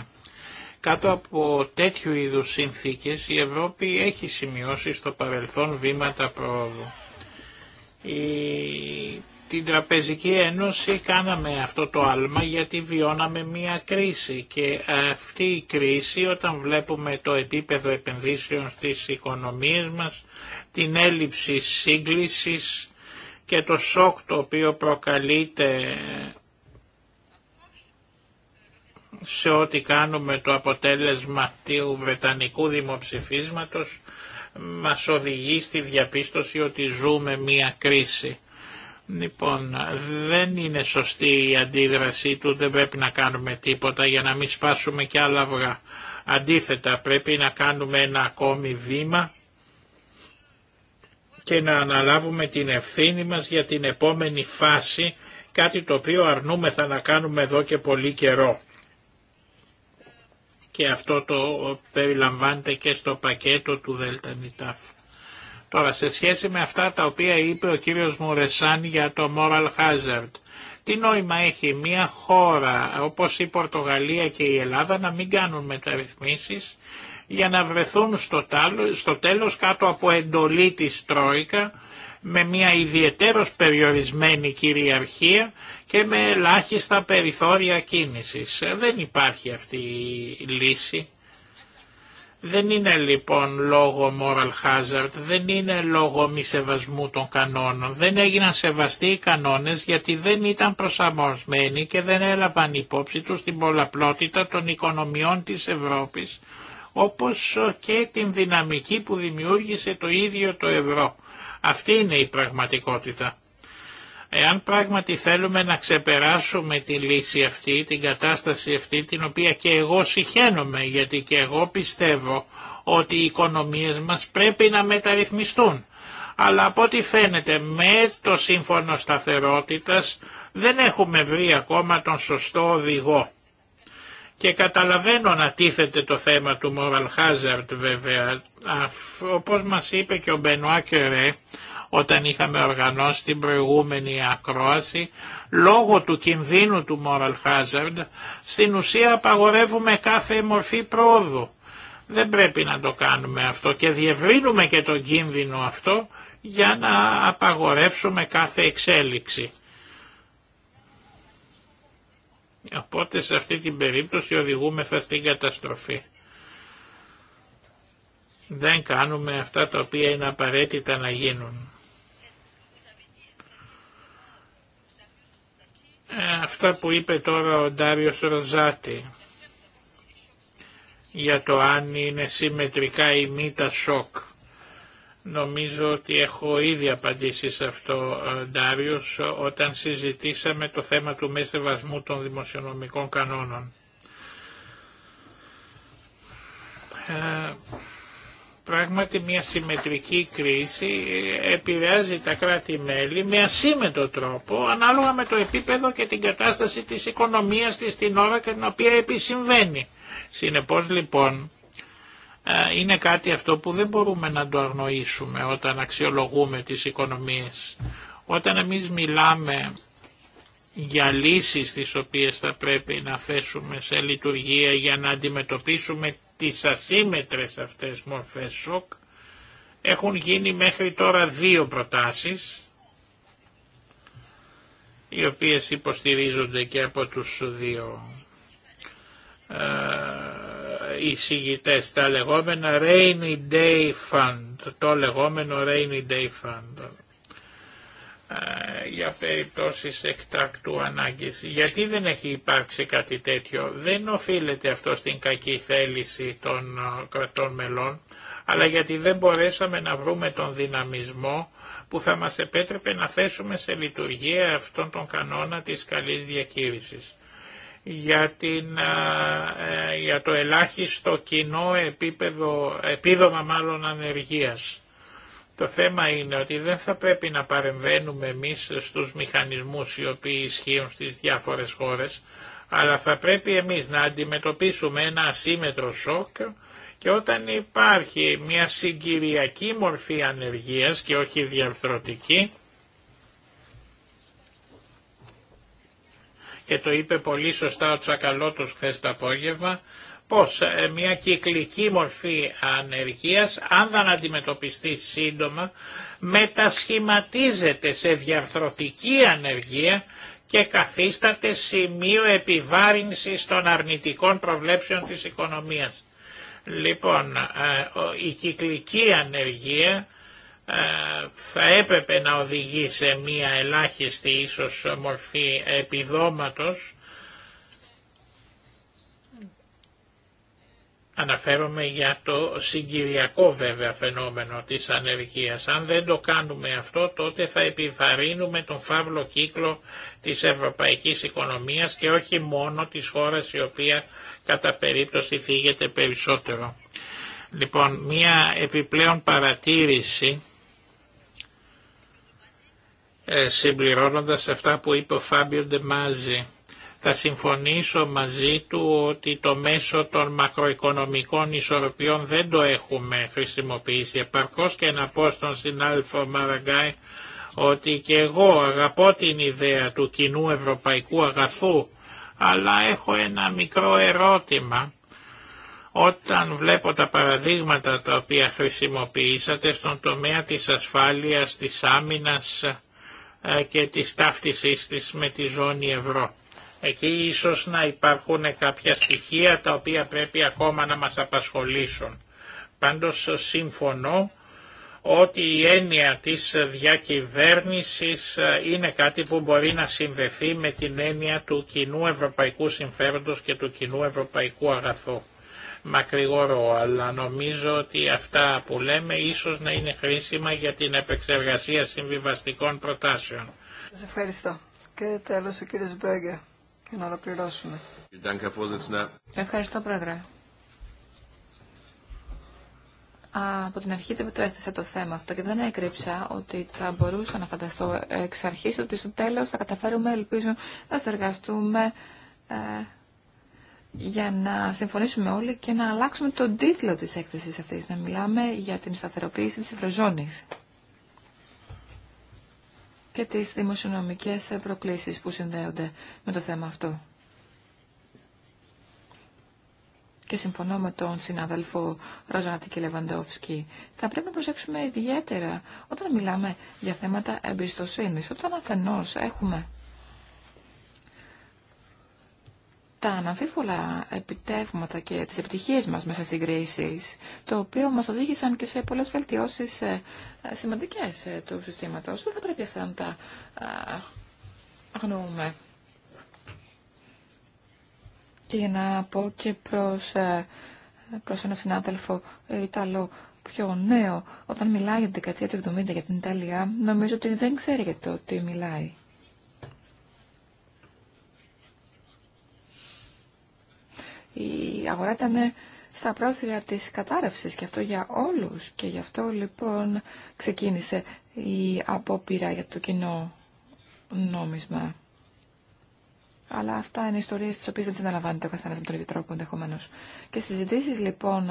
Κάτω από τέτοιου είδους συνθήκες η Ευρώπη έχει σημειώσει στο παρελθόν βήματα πρόοδου. Η... Την Τραπεζική Ένωση κάναμε αυτό το άλμα γιατί βιώναμε μία κρίση και αυτή η κρίση όταν βλέπουμε το επίπεδο επενδύσεων στις οικονομίες μας, την έλλειψη σύγκλησης και το σοκ το οποίο προκαλείται σε ό,τι κάνουμε το αποτέλεσμα του Βρετανικού δημοψηφίσματος μας οδηγεί στη διαπίστωση ότι ζούμε μία κρίση. Λοιπόν, δεν είναι σωστή η αντίδρασή του, δεν πρέπει να κάνουμε τίποτα για να μην σπάσουμε και άλλα αυγά. Αντίθετα, πρέπει να κάνουμε ένα ακόμη βήμα και να αναλάβουμε την ευθύνη μας για την επόμενη φάση, κάτι το οποίο αρνούμεθα να κάνουμε εδώ και πολύ καιρό και αυτό το περιλαμβάνεται και στο πακέτο του ΔΕΛΤΑΝΙΤΑΦ. Τώρα σε σχέση με αυτά τα οποία είπε ο κύριος Μουρεσάν για το moral hazard. Τι νόημα έχει μια χώρα όπως η Πορτογαλία και η Ελλάδα να μην κάνουν μεταρρυθμίσεις για να βρεθούν στο τέλος κάτω από εντολή της Τρόικα με μια ιδιαιτέρως περιορισμένη κυριαρχία και με ελάχιστα περιθώρια κίνησης. Δεν υπάρχει αυτή η λύση. Δεν είναι λοιπόν λόγο moral hazard, δεν είναι λόγο μη σεβασμού των κανόνων. Δεν έγιναν σεβαστοί οι κανόνες γιατί δεν ήταν προσαρμοσμένοι και δεν έλαβαν υπόψη τους την πολλαπλότητα των οικονομιών της Ευρώπης, όπως και την δυναμική που δημιούργησε το ίδιο το ευρώ. Αυτή είναι η πραγματικότητα. Εάν πράγματι θέλουμε να ξεπεράσουμε τη λύση αυτή, την κατάσταση αυτή, την οποία και εγώ συχαίνομαι, γιατί και εγώ πιστεύω ότι οι οικονομίες μας πρέπει να μεταρρυθμιστούν. Αλλά από ό,τι φαίνεται με το σύμφωνο σταθερότητας δεν έχουμε βρει ακόμα τον σωστό οδηγό. Και καταλαβαίνω να τίθεται το θέμα του moral hazard βέβαια. Όπως μας είπε και ο Μπενουά Κερέ, όταν είχαμε οργανώσει την προηγούμενη ακρόαση, λόγω του κινδύνου του moral hazard, στην ουσία απαγορεύουμε κάθε μορφή πρόοδου. Δεν πρέπει να το κάνουμε αυτό και διευρύνουμε και τον κίνδυνο αυτό για να απαγορεύσουμε κάθε εξέλιξη. Οπότε σε αυτή την περίπτωση οδηγούμεθα στην καταστροφή. Δεν κάνουμε αυτά τα οποία είναι απαραίτητα να γίνουν. Ε, αυτά που είπε τώρα ο Ντάριος Ροζάτη για το αν είναι συμμετρικά ή μη τα σοκ. Νομίζω ότι έχω ήδη απαντήσει σε αυτό, ε, Ντάριος, όταν συζητήσαμε το θέμα του βασμού των δημοσιονομικών κανόνων. Ε, πράγματι μια συμμετρική κρίση επηρεάζει τα κράτη-μέλη με ασύμετο τρόπο ανάλογα με το επίπεδο και την κατάσταση της οικονομίας της την ώρα και την οποία επισυμβαίνει. Συνεπώς λοιπόν ε, είναι κάτι αυτό που δεν μπορούμε να το αγνοήσουμε όταν αξιολογούμε τις οικονομίες. Όταν εμείς μιλάμε για λύσεις τις οποίες θα πρέπει να θέσουμε σε λειτουργία για να αντιμετωπίσουμε τις ασύμετρες αυτές μορφές σοκ, έχουν γίνει μέχρι τώρα δύο προτάσεις, οι οποίες υποστηρίζονται και από τους δύο ε, εισηγητές, τα λεγόμενα Rainy Day Fund, το λεγόμενο Rainy Day Fund ε, για περιπτώσεις εκτάκτου ανάγκης. Γιατί δεν έχει υπάρξει κάτι τέτοιο. Δεν οφείλεται αυτό στην κακή θέληση των ε, κρατών μελών, αλλά γιατί δεν μπορέσαμε να βρούμε τον δυναμισμό που θα μας επέτρεπε να θέσουμε σε λειτουργία αυτόν τον κανόνα της καλής διαχείρισης για, την, ε, για το ελάχιστο κοινό επίπεδο, επίδομα μάλλον ανεργίας. Το θέμα είναι ότι δεν θα πρέπει να παρεμβαίνουμε εμείς στους μηχανισμούς οι οποίοι ισχύουν στις διάφορες χώρες, αλλά θα πρέπει εμείς να αντιμετωπίσουμε ένα ασύμετρο σοκ και όταν υπάρχει μια συγκυριακή μορφή ανεργίας και όχι διαρθρωτική, και το είπε πολύ σωστά ο Τσακαλώτος χθε το απόγευμα, πως ε, μια κυκλική μορφή ανεργίας, αν δεν αντιμετωπιστεί σύντομα, μετασχηματίζεται σε διαρθρωτική ανεργία και καθίσταται σημείο επιβάρυνσης των αρνητικών προβλέψεων της οικονομίας. Λοιπόν, ε, η κυκλική ανεργία ε, θα έπρεπε να οδηγεί σε μία ελάχιστη ίσως μορφή επιδόματος Αναφέρομαι για το συγκυριακό βέβαια φαινόμενο της ανεργίας. Αν δεν το κάνουμε αυτό τότε θα επιβαρύνουμε τον φαύλο κύκλο της ευρωπαϊκής οικονομίας και όχι μόνο της χώρας η οποία κατά περίπτωση φύγεται περισσότερο. Λοιπόν, μία επιπλέον παρατήρηση ε, συμπληρώνοντας αυτά που είπε ο Φάμπιο Ντεμάζη. Θα συμφωνήσω μαζί του ότι το μέσο των μακροοικονομικών ισορροπιών δεν το έχουμε χρησιμοποιήσει επαρκώς και να πω στον συνάδελφο Μαραγκάη ότι και εγώ αγαπώ την ιδέα του κοινού ευρωπαϊκού αγαθού αλλά έχω ένα μικρό ερώτημα όταν βλέπω τα παραδείγματα τα οποία χρησιμοποιήσατε στον τομέα της ασφάλειας, της άμυνας, ε, και της ταύτισής της με τη ζώνη ευρώ. Εκεί ίσως να υπάρχουν κάποια στοιχεία τα οποία πρέπει ακόμα να μας απασχολήσουν. Πάντως συμφωνώ ότι η έννοια της διακυβέρνησης ε, είναι κάτι που μπορεί να συνδεθεί με την έννοια του κοινού ευρωπαϊκού συμφέροντος και του κοινού ευρωπαϊκού αγαθού μακρηγορώ, αλλά νομίζω ότι αυτά που λέμε ίσως να είναι χρήσιμα για την επεξεργασία συμβιβαστικών προτάσεων. Σας ευχαριστώ. Και τέλος ο κύριος Μπέγκε, για να ολοκληρώσουμε. Ευχαριστώ, Πρόεδρε. Από την αρχή δεν το έθεσα το θέμα αυτό και δεν έκρυψα ότι θα μπορούσα να φανταστώ εξ αρχής ότι στο τέλος θα καταφέρουμε, ελπίζω, να συνεργαστούμε ε, για να συμφωνήσουμε όλοι και να αλλάξουμε τον τίτλο της έκθεσης αυτής, να μιλάμε για την σταθεροποίηση της Ευρωζώνης και τις δημοσιονομικές προκλήσεις που συνδέονται με το θέμα αυτό. Και συμφωνώ με τον συνάδελφο Ροζανάτη και Λεβαντόφσκι. Θα πρέπει να προσέξουμε ιδιαίτερα όταν μιλάμε για θέματα εμπιστοσύνης, όταν αφενός έχουμε τα αναμφίβολα επιτεύγματα και τις επιτυχίες μας μέσα στην κρίση, το οποίο μας οδήγησαν και σε πολλές βελτιώσεις ε, ε, σημαντικές ε, του συστήματος. Δεν θα πρέπει αυτά να τα αγνοούμε. Και για να πω και προς, προς ένα συνάδελφο Ιταλό πιο νέο, όταν μιλάει για την δεκαετία του 70 για την Ιταλία, νομίζω ότι δεν ξέρει για το τι μιλάει. η αγορά ήταν στα πρόθυρα της κατάρρευσης και αυτό για όλους και γι' αυτό λοιπόν ξεκίνησε η απόπειρα για το κοινό νόμισμα. Αλλά αυτά είναι ιστορίε τι οποίε δεν τι αναλαμβάνεται ο καθένα με τον ίδιο τρόπο ενδεχομένω. Και στι συζητήσει λοιπόν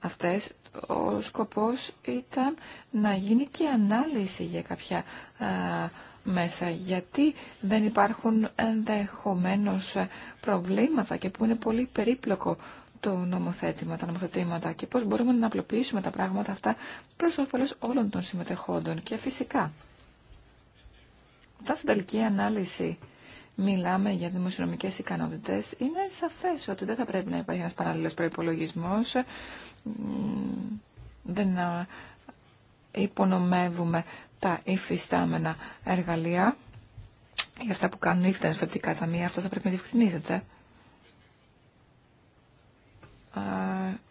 αυτέ, ο σκοπό ήταν να γίνει και ανάλυση για κάποια μέσα, γιατί δεν υπάρχουν ενδεχομένως προβλήματα και που είναι πολύ περίπλοκο το νομοθέτημα, τα νομοθετήματα και πώς μπορούμε να απλοποιήσουμε τα πράγματα αυτά προς όφελος όλων των συμμετεχόντων. Και φυσικά, όταν στην τελική ανάλυση μιλάμε για δημοσιονομικές ικανότητες, είναι σαφές ότι δεν θα πρέπει να υπάρχει ένας παράλληλος προϋπολογισμός, δεν υπονομεύουμε τα υφιστάμενα εργαλεία για αυτά που κάνουν οι φυτικά ταμεία. Αυτό θα πρέπει να διευκρινίζεται.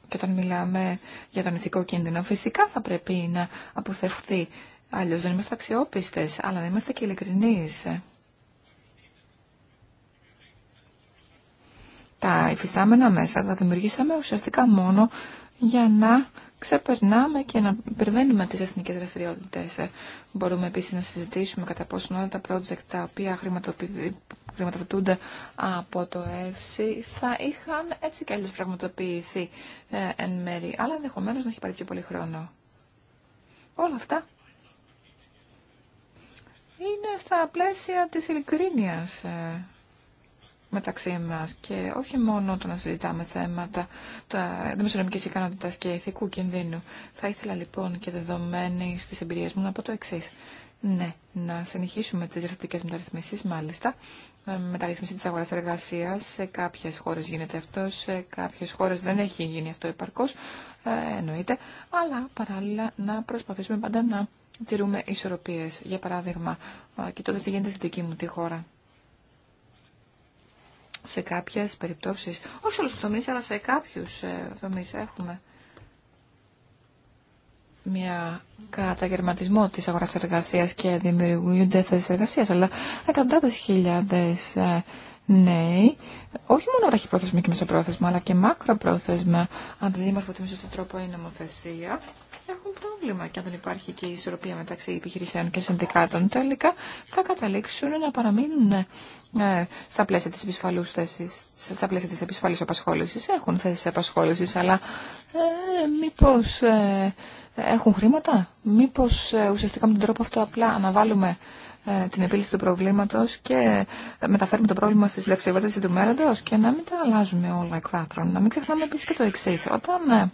Και όταν μιλάμε για τον ηθικό κίνδυνο, φυσικά θα πρέπει να αποφευχθεί. Αλλιώς δεν είμαστε αξιόπιστες, αλλά δεν είμαστε και ειλικρινείς. Τα υφιστάμενα μέσα τα δημιουργήσαμε ουσιαστικά μόνο για να ξεπερνάμε και να υπερβαίνουμε τις εθνικές δραστηριότητες. Μπορούμε επίσης να συζητήσουμε κατά πόσον όλα τα project τα οποία χρηματοδοτούνται από το ΕΦΣΥ θα είχαν έτσι κι αλλιώς πραγματοποιηθεί ε, εν μέρη, αλλά ενδεχομένω να έχει πάρει πιο πολύ χρόνο. Όλα αυτά είναι στα πλαίσια της ειλικρίνειας ε, μεταξύ μας και όχι μόνο το να συζητάμε θέματα τα δημοσιονομικής ικανότητας και ηθικού κινδύνου. Θα ήθελα λοιπόν και δεδομένη στις εμπειρίες μου να πω το εξή. Ναι, να συνεχίσουμε τις ρευτικές μεταρρυθμίσεις, μάλιστα. Ε, μεταρρύθμιση της αγοράς εργασίας, σε κάποιες χώρες γίνεται αυτό, σε κάποιες χώρες δεν έχει γίνει αυτό επαρκώς, ε, εννοείται, αλλά παράλληλα να προσπαθήσουμε πάντα να τηρούμε ισορροπίες. Για παράδειγμα, ε, κοιτώντας τι γίνεται στη δική μου τη χώρα, σε κάποιες περιπτώσεις, όχι σε όλους τους τομείς, αλλά σε κάποιους ε, τομείς έχουμε μια καταγερματισμό της αγοράς εργασίας και δημιουργούνται θέσεις εργασίας, αλλά εκατοντάδες χιλιάδες ε, νέοι, όχι μόνο ταχυπρόθεσμα και μεσοπρόθεσμα, αλλά και μακροπρόθεσμα, αν δεν είμαστε στον τρόπο είναι νομοθεσία, έχουν πρόβλημα και αν δεν υπάρχει και η ισορροπία μεταξύ επιχειρησίων και συνδικάτων τελικά θα καταλήξουν να παραμείνουν ε, στα πλαίσια της επισφαλούς θέσης, στα πλαίσια της επισφαλής απασχόλησης. Έχουν θέσεις απασχόλησης, αλλά ε, μήπως ε, έχουν χρήματα, μήπως ε, ουσιαστικά με τον τρόπο αυτό απλά αναβάλουμε την επίλυση του προβλήματος και μεταφέρουμε το πρόβλημα στη συλλεξιβότητα του μέλλοντος και να μην τα αλλάζουμε όλα βάθρων. Να μην ξεχνάμε επίσης και το εξή. Όταν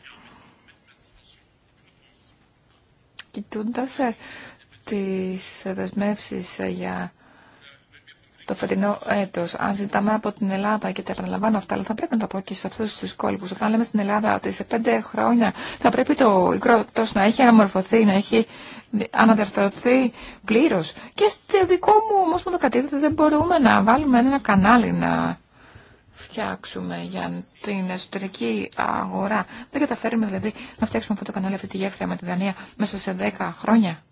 κοιτούντας ε, τις δεσμεύσεις ε, για το φετινό έτος, αν ζητάμε από την Ελλάδα, και τα επαναλαμβάνω αυτά, αλλά θα πρέπει να τα πω και σε αυτούς τους κόλπους, όταν λέμε στην Ελλάδα ότι σε πέντε χρόνια θα πρέπει το υγρό να έχει αναμορφωθεί, να έχει αναδερθωθεί πλήρως. Και στο δικό μου όμως που το κρατήριο δεν μπορούμε να βάλουμε ένα κανάλι να φτιάξουμε για την εσωτερική αγορά. Δεν καταφέρουμε δηλαδή να φτιάξουμε αυτό το κανάλι, αυτή τη γέφυρα με τη Δανία μέσα σε 10 χρόνια.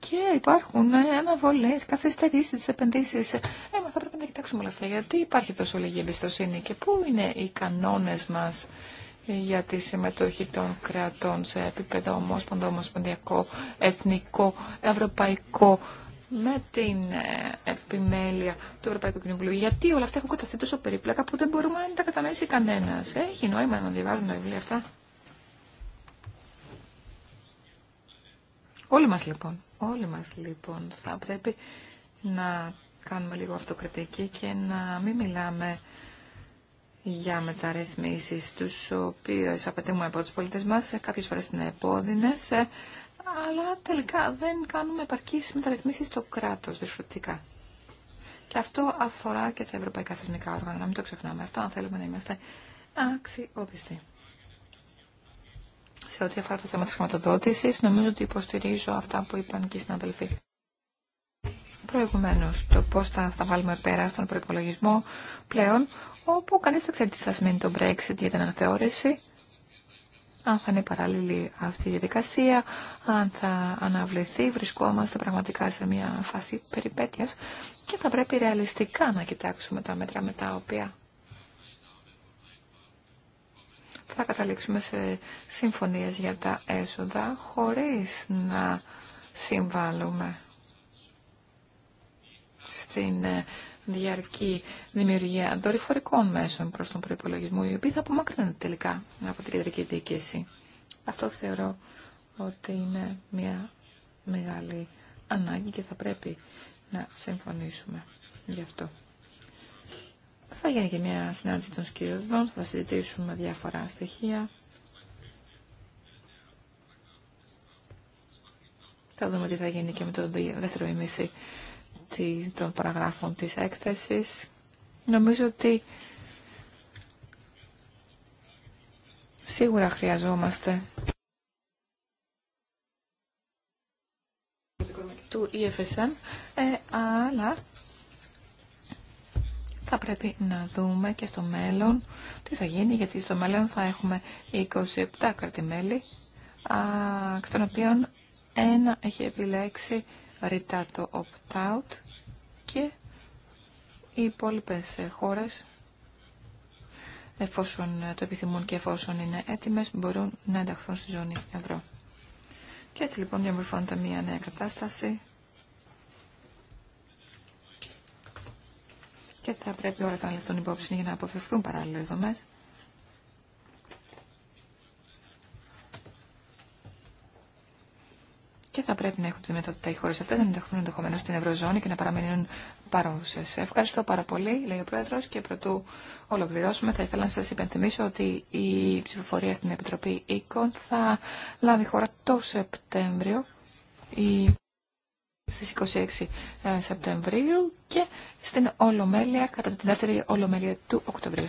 Και υπάρχουν αναβολέ, καθυστερήσει επενδύσει. Ε, μα θα πρέπει να κοιτάξουμε όλα αυτά. Γιατί υπάρχει τόσο λίγη εμπιστοσύνη και πού είναι οι κανόνε μα για τη συμμετοχή των κρατών σε επίπεδο ομόσπονδο, ομοσπονδιακό, εθνικό, ευρωπαϊκό, με την ε, επιμέλεια του Ευρωπαϊκού Κοινοβουλίου. Γιατί όλα αυτά έχουν καταστεί τόσο περίπλοκα που δεν μπορούμε να τα κατανοήσει κανένα. Έχει νόημα να διαβάζουν τα βιβλία αυτά. Όλοι μας λοιπόν, όλοι μας λοιπόν θα πρέπει να κάνουμε λίγο αυτοκριτική και να μην μιλάμε για μεταρρυθμίσεις τους οποίες απαιτούμε από τους πολίτες μας, κάποιες φορές είναι επώδυνες, αλλά τελικά δεν κάνουμε επαρκείς μεταρρυθμίσεις στο κράτος διευθυντικά. Και αυτό αφορά και τα ευρωπαϊκά θεσμικά όργανα, να μην το ξεχνάμε αυτό, αν θέλουμε να είμαστε αξιόπιστοι. Σε ό,τι αφορά το θέμα της χρηματοδότησης, νομίζω ότι υποστηρίζω αυτά που είπαν και οι συναδελφοί. Προηγουμένω, το πώ θα, θα βάλουμε πέρα στον προπολογισμό πλέον, όπου κανεί δεν ξέρει τι θα σημαίνει το Brexit για την αναθεώρηση αν θα είναι παράλληλη αυτή η διαδικασία, αν θα αναβληθεί, βρισκόμαστε πραγματικά σε μια φάση περιπέτειας και θα πρέπει ρεαλιστικά να κοιτάξουμε τα μέτρα με τα οποία θα καταλήξουμε σε συμφωνίες για τα έσοδα χωρίς να συμβάλλουμε στην ε, διαρκή δημιουργία δορυφορικών μέσων προς τον προϋπολογισμό, οι οποίοι θα απομακρύνουν τελικά από την κεντρική διοίκηση. Αυτό θεωρώ ότι είναι μια μεγάλη ανάγκη και θα πρέπει να συμφωνήσουμε γι' αυτό. Θα γίνει και μια συνάντηση των σκιωδών, θα συζητήσουμε διάφορα στοιχεία. Θα δούμε τι θα γίνει και με το δεύτερο ημίση των παραγράφων της έκθεσης. Νομίζω ότι σίγουρα χρειαζόμαστε του EFSM, ε, αλλά θα πρέπει να δούμε και στο μέλλον τι θα γίνει, γιατί στο μέλλον θα έχουμε 27 κρατημέλη, εκ των οποίων ένα έχει επιλέξει ρητά το opt-out και οι υπόλοιπε ε, χώρες εφόσον ε, το επιθυμούν και εφόσον είναι έτοιμες, μπορούν να ενταχθούν στη ζώνη ευρώ. Και έτσι λοιπόν διαμορφώνεται μια νέα κατάσταση και θα πρέπει όλα να λεφθούν υπόψη για να αποφευθούν παράλληλες δομές. και θα πρέπει να έχουν τη δυνατότητα οι χώρε αυτέ να ενταχθούν ενδεχομένω στην Ευρωζώνη και να παραμείνουν παρούσε. Ευχαριστώ πάρα πολύ, λέει ο Πρόεδρο, και πρωτού ολοκληρώσουμε, θα ήθελα να σα υπενθυμίσω ότι η ψηφοφορία στην Επιτροπή ΕΚΟΝ θα λάβει χώρα το Σεπτέμβριο. Η στις 26 ε, Σεπτεμβρίου και στην Ολομέλεια κατά την δεύτερη Ολομέλεια του Οκτωβρίου.